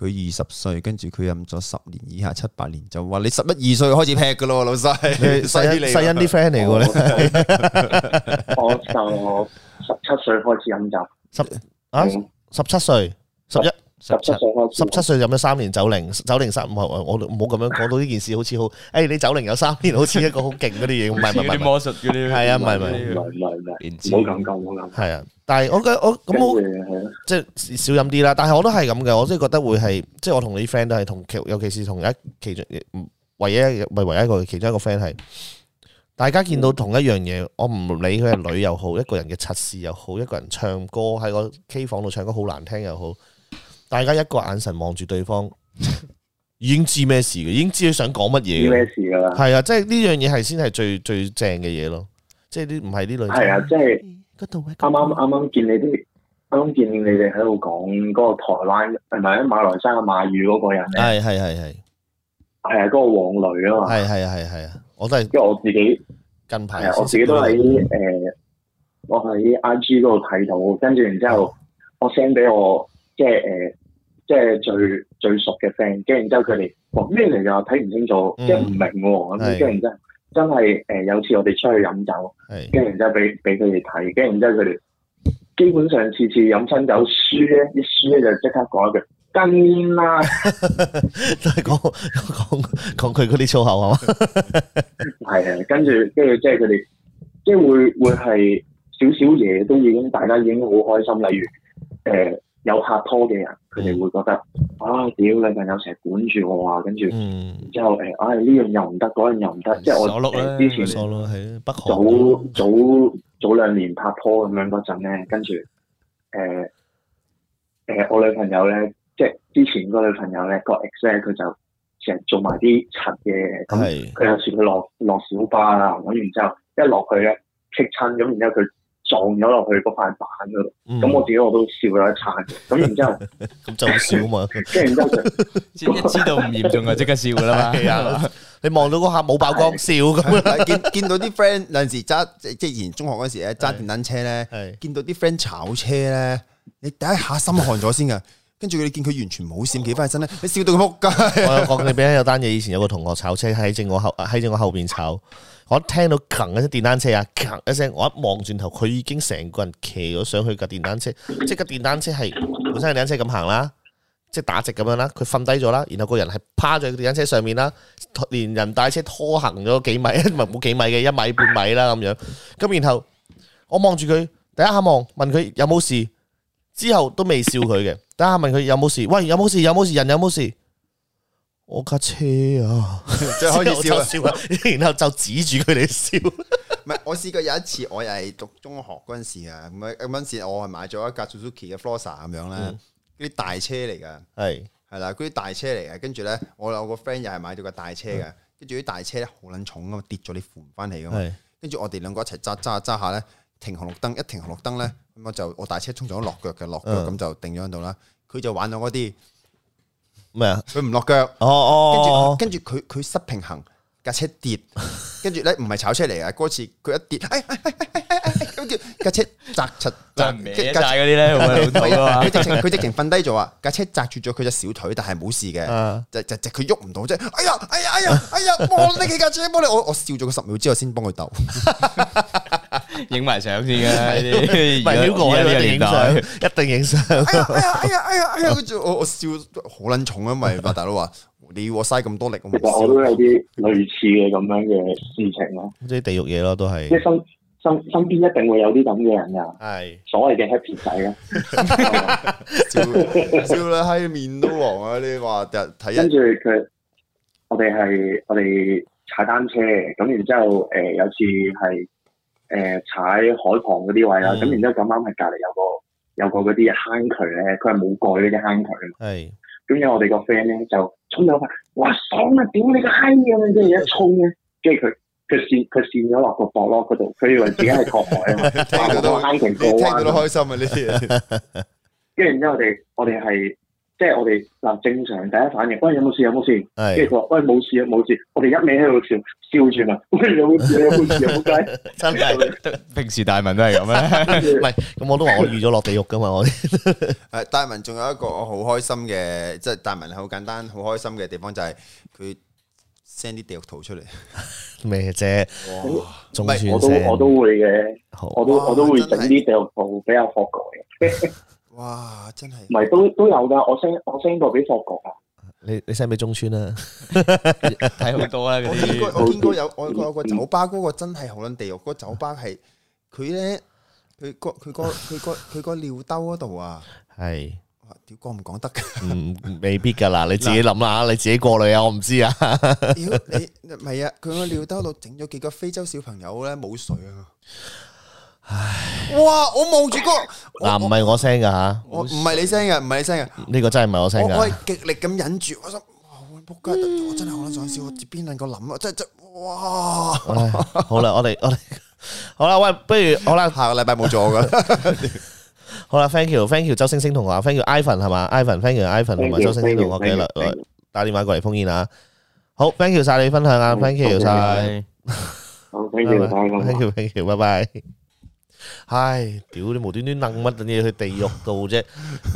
Speaker 3: 佢二十歲，跟住佢飲咗十年以下七八年，就話你十一二歲開始劈噶咯，老細，細欣啲 friend 嚟嘅咧。我就十七歲開始飲酒，十啊、嗯、十
Speaker 6: 七
Speaker 1: 歲十一。十十七歲，十七歲飲咗三年酒齡，酒齡三唔係我唔好咁樣講到呢件事好，好似好誒，你酒齡有三年，好似一個好勁嗰啲嘢，唔係唔係唔係，係魔
Speaker 2: 術啲嘢，係啊，唔係唔係唔係唔係，唔好咁講，係啊面
Speaker 1: 子，但係我嘅我咁我即係著、就係、少飲啲啦。但係我都係咁嘅，我即係覺得會係，即、就、係、係、我同你啲 friend 都係同，尤其是同一其中，唔唯一唔係唯，唯一一個其中一個 friend 係，大家見到同一樣嘢，我唔理佢係女又好，一個人嘅測試又好，一個人唱歌喺個 K 房度唱歌好難聽又好。大家一個眼神望住對方，已經知咩事嘅，已經知佢想講乜嘢嘅。咩
Speaker 6: 事㗎啦？係啊，
Speaker 1: 即係呢樣嘢係先係最最正嘅嘢咯。即係啲唔係啲女。
Speaker 6: 係啊，即係啱啱啱啱見你啲，啱啱見你哋喺度講嗰個台灣係咪馬來西亞馬語嗰個人？係係係係，係啊，嗰個黃磊啊嘛。係係係係啊！我都係，因為我自己近排，我自己都喺誒，我喺 I G 嗰度睇到，跟住然之後的我 send 俾我，即係誒。呃即係最最熟嘅 friend，跟住之後佢哋講咩嚟㗎？睇唔清楚，嗯、即係唔明喎。咁跟住之後真係誒、呃、有次我哋出去飲酒，跟住之後俾俾佢哋睇，跟住之後佢哋基本上次次飲親酒輸咧，一輸咧就即刻講一句跟啦，即係講講講佢嗰啲粗口係嘛？係啊，跟住跟住即係佢哋即係會會係少少嘢都已經大家已經好開心，例如誒。呃有拍拖嘅人，佢哋會覺得，嗯、啊，屌女朋友成日管住我啊，跟住，嗯、然之後，誒、哎，唉，呢樣又唔得，嗰樣又唔得，即係我之前，早早早早兩年拍拖咁樣嗰陣咧，跟住，誒、呃，誒、呃，我女朋友咧，即係之前個女朋友咧，個 ex 咧，佢就成日做埋啲賊嘅，咁、嗯、佢是有時佢落落小巴啊，咁然之後一落去咧，劈親，咁然之後佢。撞咗落去嗰塊
Speaker 2: 板度，咁我自己我都笑咗一餐。咁然之後咁 就笑啊嘛，即係然之後知道唔嚴重啊，即刻笑噶啦嘛。
Speaker 3: 你望到嗰下冇爆光笑咁，見見到啲 friend 嗰陣時揸即即係以前中學嗰時咧揸電單車咧，見到啲 friend 的炒車咧，你第一下心寒咗先噶。跟住 你見佢完全冇閃企翻起身咧，你笑到佢仆街。我我你
Speaker 1: 俾我有單嘢，以前有個同學炒車喺正我後喺正我後邊炒。我一聽到吭一聲電單車啊，吭一聲，我一望轉頭，佢已經成個人騎咗上去架電單車。即個電單車係本身係單車咁行啦，即打直咁樣啦，佢瞓低咗啦，然後個人係趴咗喺個電單車上面啦，連人帶車拖行咗幾米，唔係冇幾米嘅一米半米啦咁樣。咁然後我望住佢，第一下望問佢有冇事，之後都未笑佢嘅。第一下問佢有冇事，喂，有冇事，有冇事，人有冇事？我架車啊，即係開始笑啦，然後就指住佢哋笑。
Speaker 3: 唔係，我試過有一次，我又係讀中學嗰陣時啊，咁啊嗰陣時我係買咗一架 Suzuki 嘅 Flora 咁樣咧，啲大車嚟噶，係係啦，嗰啲大車嚟嘅。跟住咧，我有個 friend 又係買咗架大車嘅，跟住啲大車咧好撚重噶嘛，跌咗你扶翻嚟噶嘛。跟住我哋兩個一齊揸揸下揸下咧，停紅綠燈，一停紅綠燈咧，咁我就我大車衝咗落腳嘅，落腳咁就定咗喺度啦。佢就玩咗嗰啲。咩啊？佢唔落腳，哦哦，哦，哦跟，跟住跟住佢佢失平衡。架車跌，跟住咧唔係炒車嚟嘅嗰次，佢一跌，咁叫架車砸出砸歪晒嗰啲咧，咁樣好痛啊！佢直情佢直情瞓低咗啊！架車砸住咗佢隻小腿，但係冇事嘅，就就就佢喐唔到啫。哎呀哎呀
Speaker 4: 哎呀哎呀，我拎起架
Speaker 3: 車幫你，我我笑咗個十秒之後先幫佢斗，
Speaker 2: 影埋相先嘅，係要一定影相，
Speaker 1: 一定影相。哎呀
Speaker 3: 哎呀哎呀哎呀，我、哎、我笑好撚重啊，咪八大佬話。你要我嘥咁多力？其實我都
Speaker 6: 有啲類似嘅咁樣嘅事情咯， 即係地獄嘢咯，都係即係身身身邊一定會有啲咁嘅人噶，係是所謂嘅 happy 仔咯， 笑
Speaker 3: 到嗨面都黃啊！你話第日
Speaker 6: 睇，跟住佢，我哋係我哋踩單車，咁然之後誒有次係誒踩海旁嗰啲位啦，咁是然之後咁啱係隔籬有個有個嗰啲坑渠咧，佢係冇蓋嗰啲坑渠係。咁有我哋個 friend 咧就沖咗翻，哇爽啊！點你個閪啊！即係一衝咧、啊，跟住佢佢扇佢跣咗落個角落嗰度，佢以為自己係駁海啊嘛， 聽到都聽到都開心啊！呢啲些，嘢。跟住然之後我哋我哋係。即係我哋嗱正常第一反應，喂有冇事有冇事？跟住佢話：喂冇事啊冇事，我哋一味喺度笑笑住嘛。有冇事
Speaker 2: 有冇事啊 平時大文都係咁咧。唔係咁 我都話我預咗落地獄噶嘛我。誒
Speaker 3: 大文仲有一個我好開心嘅，即、就、係、是、大文係好簡單好開心嘅地方就係佢 send 啲地
Speaker 6: 獄圖出嚟咩
Speaker 1: 啫？哇！唔係我都我都會嘅，我都我都會整啲地獄圖比較酷個
Speaker 6: 嘅。 哇！真係唔係都都有噶，我 send 我 send 過俾法國噶，
Speaker 1: 你你 send 俾中村啦，睇好多啦嗰
Speaker 3: 啲。應該有，我個個酒吧嗰個真係好撚地獄，嗰酒吧係佢咧，佢個佢個佢個佢個尿兜嗰度啊，
Speaker 1: 係我話屌講唔講得噶？嗯，未必噶啦，你自己諗下，你自己過濾啊，我唔知啊。屌
Speaker 3: 你唔係啊，佢個尿兜度整咗幾個非洲小朋友咧，冇水啊！唉，哇！我望住個嗱，
Speaker 1: 唔係我聲噶吓，我唔係你聲噶，唔係你聲噶，呢個真係唔係我聲噶。我係
Speaker 3: 極力咁忍住，我想哇，仆街！我真係好想笑，我接邊個諗啊，
Speaker 1: 真係真係，哇！好啦，我哋我哋好啦，喂，不如好啦，下個禮拜冇咗噶。好啦，thank you，thank you，周星星同學，thank you，Ivan 係嘛，Ivan，thank you，Ivan 同埋周星星同學嘅啦，打電話過嚟封煙啊，好，thank you 晒你分享啊，thank you 晒，好，thank you，thank you，thank you，拜拜。唉，屌你無端端諗乜嘢去地獄度啫？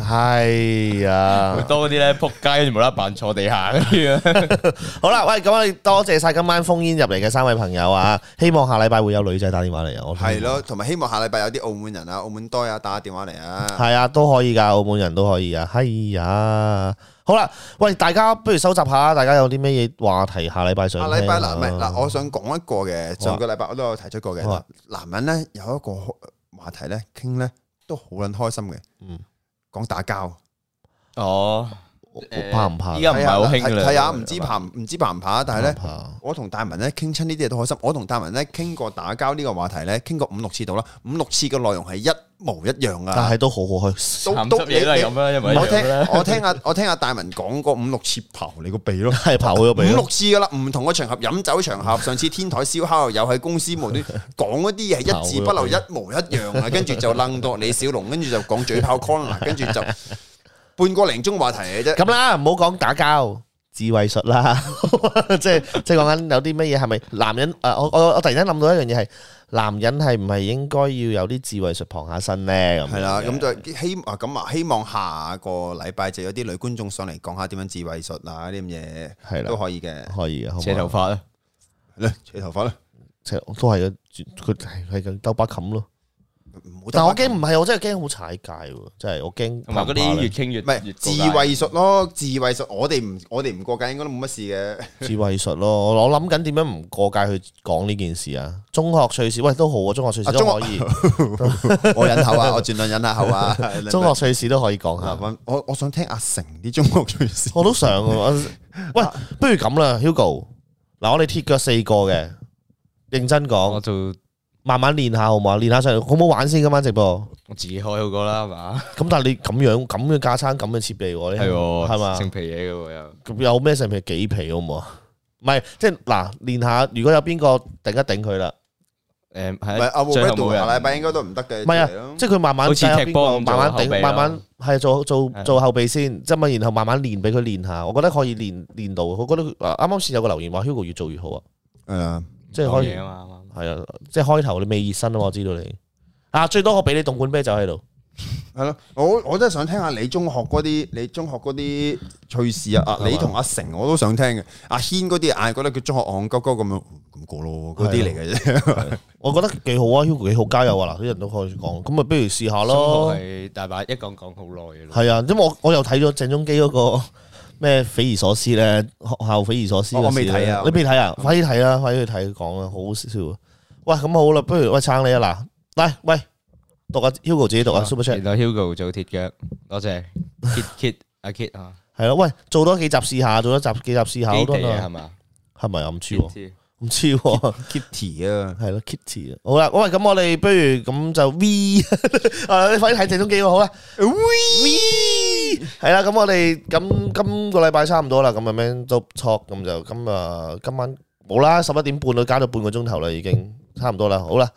Speaker 1: 係啊，
Speaker 2: 多嗰啲咧撲街，冇得扮坐地下嗰啲
Speaker 1: 啊！好啦，喂，咁我哋多謝晒今晚封煙入嚟嘅三位朋友啊！希望下禮拜會有女仔打電話嚟啊！係咯，
Speaker 2: 同埋希望
Speaker 3: 下禮拜有啲澳門人啊，澳門多啊，打下電話嚟啊！
Speaker 1: 係啊，都可以噶，澳門人都可以啊！係啊。好啦，喂，大家不如收集下，大家有啲咩嘢話題下禮拜上？下禮拜嗱，唔係嗱，我
Speaker 3: 想講一個嘅上個禮拜我都有提出過嘅、嗯、男人咧，有一個話題咧傾咧都好撚開心嘅，講嗯，講打交哦。怕唔怕？而家唔係好興啦。係啊，唔知怕唔知怕唔怕？但係咧，我同大文咧傾親呢啲嘢都開心。我同大文咧傾過打交呢個話題咧，傾過五六次度啦，五六次嘅內容係一模一樣啊！但係都
Speaker 1: 好好開，鹹濕
Speaker 3: 嘢咁啦，一模一樣啦。我聽我聽下我聽下大文講過五六次刨你個鼻咯，五六次噶啦，唔同嘅場合飲酒場合，上次天台燒烤又喺公司無端講嗰啲嘢係一字不留，一模一樣啊！跟住就楞到李小龍，跟住就講嘴炮 corn，跟住就。半個零
Speaker 1: 鐘話題嘅啫，咁啦，唔好講打交，智慧術啦，即係即係講緊有啲乜嘢，係咪男人？誒，我我我突然間諗到一樣嘢，係男人係唔係應該要有啲智慧術傍下身咧？咁係啦，咁就
Speaker 3: 希啊，咁啊，希望下個禮拜就有啲女觀眾上嚟講下點樣智慧術啊啲咁嘢，係啦，都可以嘅，可以嘅，扯頭髮啦，
Speaker 1: 嚟扯頭髮啦，扯都係啊，佢係係咁兜巴冚咯。但我驚唔係，我真係驚好踩界喎，真係我驚同埋嗰啲越傾越唔係自衛術
Speaker 3: 咯，自衛術我哋唔我哋唔過界應該都冇乜事嘅。
Speaker 1: 自衛術咯，我諗緊點樣唔過界去講呢件事啊。中學趣事喂都好啊，中學趣事都可以，我忍口啊，我盡量忍下口啊。 中學趣事都可以講啊， 我我想聽阿成啲中學趣事， 我都想啊。喂， 不如咁啦，Hugo，嗱我哋鐵腳四個嘅認真講。我慢慢練下好嘛？練下上嚟，好唔好玩先？今晚直播。我自己開好過啦，係嘛。咁但係你咁樣咁嘅架餐，咁嘅設備，我咧係嘛成皮嘢嘅又。有咩成皮幾皮好唔好啊？唔係，即係嗱，練下如果有邊個頂一頂佢啦。誒，唔係阿布雷多，阿禮
Speaker 3: 拜應該都唔得嘅。唔係啊，即係佢慢慢睇下邊個慢慢頂，慢慢
Speaker 1: 係做做做後備先。即係問，然後慢慢練俾佢練下。我覺得可以練練到。我覺得啱啱先有個留言話，Hugo 越做越好啊。誒啊，即係可以係啊，即係開頭你未熱身啊，我知道你。啊，最多我俾你凍罐啤酒喺度。
Speaker 3: 係咯、 啊，我我真係想聽下你中學嗰啲，你中學嗰啲趣事啊。吧啊，你同阿成我都想聽嘅。阿軒嗰啲，我係覺得佢中學戇
Speaker 1: 戇鳩鳩咁樣咁過咯，嗰啲嚟嘅啫。我覺得幾好啊，Hugo，幾好加油啊！嗱，啲人都可以講，咁啊，不如試下咯。中學係
Speaker 2: 大把一講講好耐嘅
Speaker 1: 啦。係啊，因為我我又睇咗鄭中基嗰、嗰個。咩匪夷所思咧？學校匪夷所思我未睇啊，你未睇啊？快啲睇啊，快啲去睇講啊，好笑啊。喂，咁好啦，不如喂撐你啊。嗱，喂喂，讀啊，Hugo 自己讀啊，Superchat？原來 Hugo 做鐵腳，多謝。Kit Kit 啊，Kit 啊，係咯，喂，做多幾集試下，做多集幾集試下，好期啊？係嘛？係咪唔知？
Speaker 2: 唔知？Kitty 啊，係
Speaker 1: 咯，Kitty。好啦，喂，咁我哋不如咁就 V，你快啲睇集中記好啦。係啦，咁 我哋咁今個禮拜差唔多啦，咁樣都錯，咁就咁啊，今晚冇啦，十一點半都加到半個鐘頭啦，已經差唔多啦，好啦，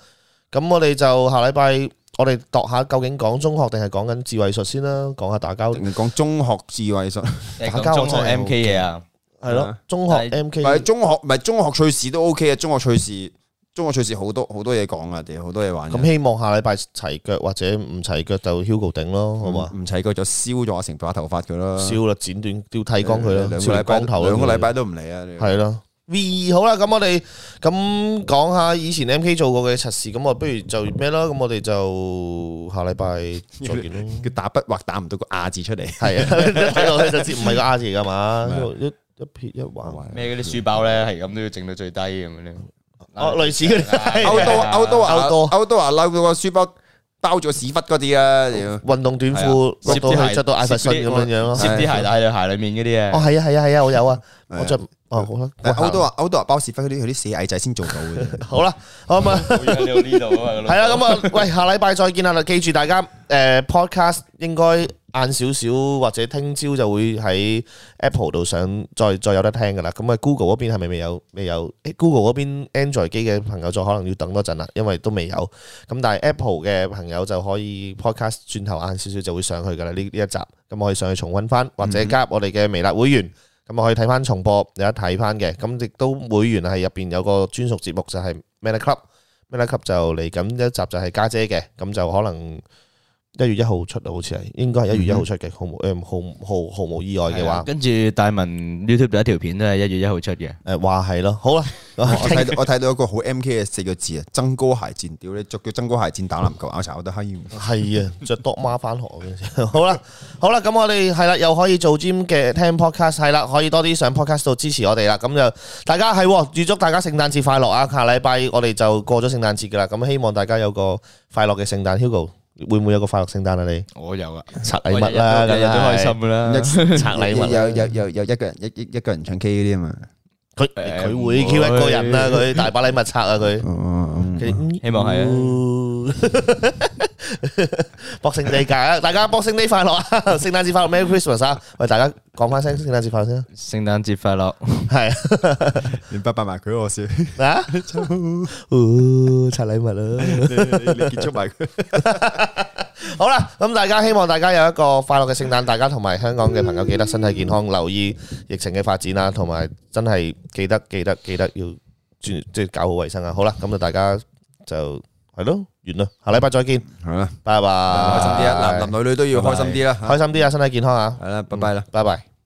Speaker 1: 咁我哋就下禮拜我哋度下究竟講中學定係講緊智慧術先啦，講下打交。定講中學智慧術， 打交就 M K 嘅啊，係咯，中學 M K，唔係中學，唔係中
Speaker 3: 學趣事都 O K 啊，中學趣事，OK。中國隨時好多好多嘢講啊，哋好多嘢玩。咁、嗯、希
Speaker 1: 望下禮拜齊腳或者唔齊腳就 Hugo 頂咯，好嘛？唔齊腳就燒咗成把頭髮佢咯，燒啦，剪短，掉剃光佢啦，兩、嗯、個禮光頭，兩個禮拜都唔嚟啊？係啦，V 好啦，咁我哋咁講下以前 M K 做過嘅測試，咁我不如就咩咯？咁我哋就下禮拜再見 佢打筆畫打唔到個亞、啊、字出嚟，係
Speaker 3: 啊，睇落 去直接唔係個亞、啊、字
Speaker 2: 噶嘛， 一撇一橫。咩嗰啲書包咧，係咁都要整到最低咁樣。哦，類似嘅，歐多，歐多，歐多，
Speaker 3: 歐多啊，漏個書包包住屎忽嗰啲啊，運動短褲落到去着到艾弗森咁
Speaker 2: 樣咯，
Speaker 1: 塞啲鞋
Speaker 3: 帶喺對鞋裏面嗰啲啊，哦係啊係啊係
Speaker 1: 啊，我有啊，我着，哦好啦，歐多啊，歐多啊，
Speaker 3: 包屎忽嗰啲佢啲死矮仔先做到嘅，好啦，
Speaker 1: 咁啊，係啊，咁啊，喂，下禮拜再見啊，記住大家，誒，podcast 應該。晏少少或者聽朝就會喺 Apple 度上，再再有得聽噶啦。咁啊，Google 嗰邊係咪未有？未有？誒，Google 嗰邊 Android 機嘅朋友再可能要等多陣啦，因為都未有。咁但係 Apple 嘅朋友就可以 Podcast 轉頭晏少少就會上去噶啦。呢呢一集，咁我可以上去重溫翻，或者加入我哋嘅微辣會員，咁我可以睇翻重播，有得睇翻嘅。咁亦都會員係入邊有個專屬節目，就係 Meta Club。Meta Club 就嚟緊一集就係家姐嘅，咁就可能。一月一號出啊，好似係應該係一月一號出嘅的，毫冇，誒，毫毫
Speaker 2: 毫冇意外嘅話。跟住大文 YouTube 有一條片都係一月一號出嘅。誒、呃，話係咯。好啦、 哦，我睇我睇
Speaker 3: 到一個好 MK 嘅四個字啊，增高鞋墊。屌你着對增高鞋墊打籃球，拗柴我都可以。係啊，着
Speaker 1: do 媽翻學嘅。 好啦，好啦，咁我哋係啦，又可以做 gym 嘅聽 podcast 係啦，可以多啲上 podcast 度支持我哋啦。咁就大家係預祝大家聖誕節快樂啊！下禮拜我哋就過咗聖誕節噶啦，咁希望大家有個快樂嘅聖誕，Hugo。會唔會有個快樂聖誕啊你？你
Speaker 2: 我有啊，拆禮物啦，梗係開心啦，
Speaker 1: 拆禮物 有有有有一個人一一個人唱 K 啲啊嘛，佢佢、嗯、會 Q
Speaker 3: 一個人啦，佢 大把禮
Speaker 1: 物拆啊佢，嗯嗯、他希望係啊。嗯博聖誕啊！大家博聖誕快樂啊！聖誕節快樂，Merry Christmas 啊！
Speaker 2: 喂，大家講返聲聖誕節快樂先啊！聖誕節快樂係，你拜拜埋佢我先
Speaker 1: 啊！嗱，拆禮物咯，你結束埋佢好啦。咁大家希望大家有一個快樂嘅聖誕。大家同埋香港嘅朋友記得身體健康，留意疫情嘅發展啦，同埋真係記得記得記得要專即係搞好衛生啊。好啦，咁就大家就。係咯，完啦，下禮拜再見，拜拜，係啦，bye bye 開心啲啊，男男女女都要開心啲啦，Bye 開心啲啊，身體健康啊，係啦，拜拜啦，拜拜。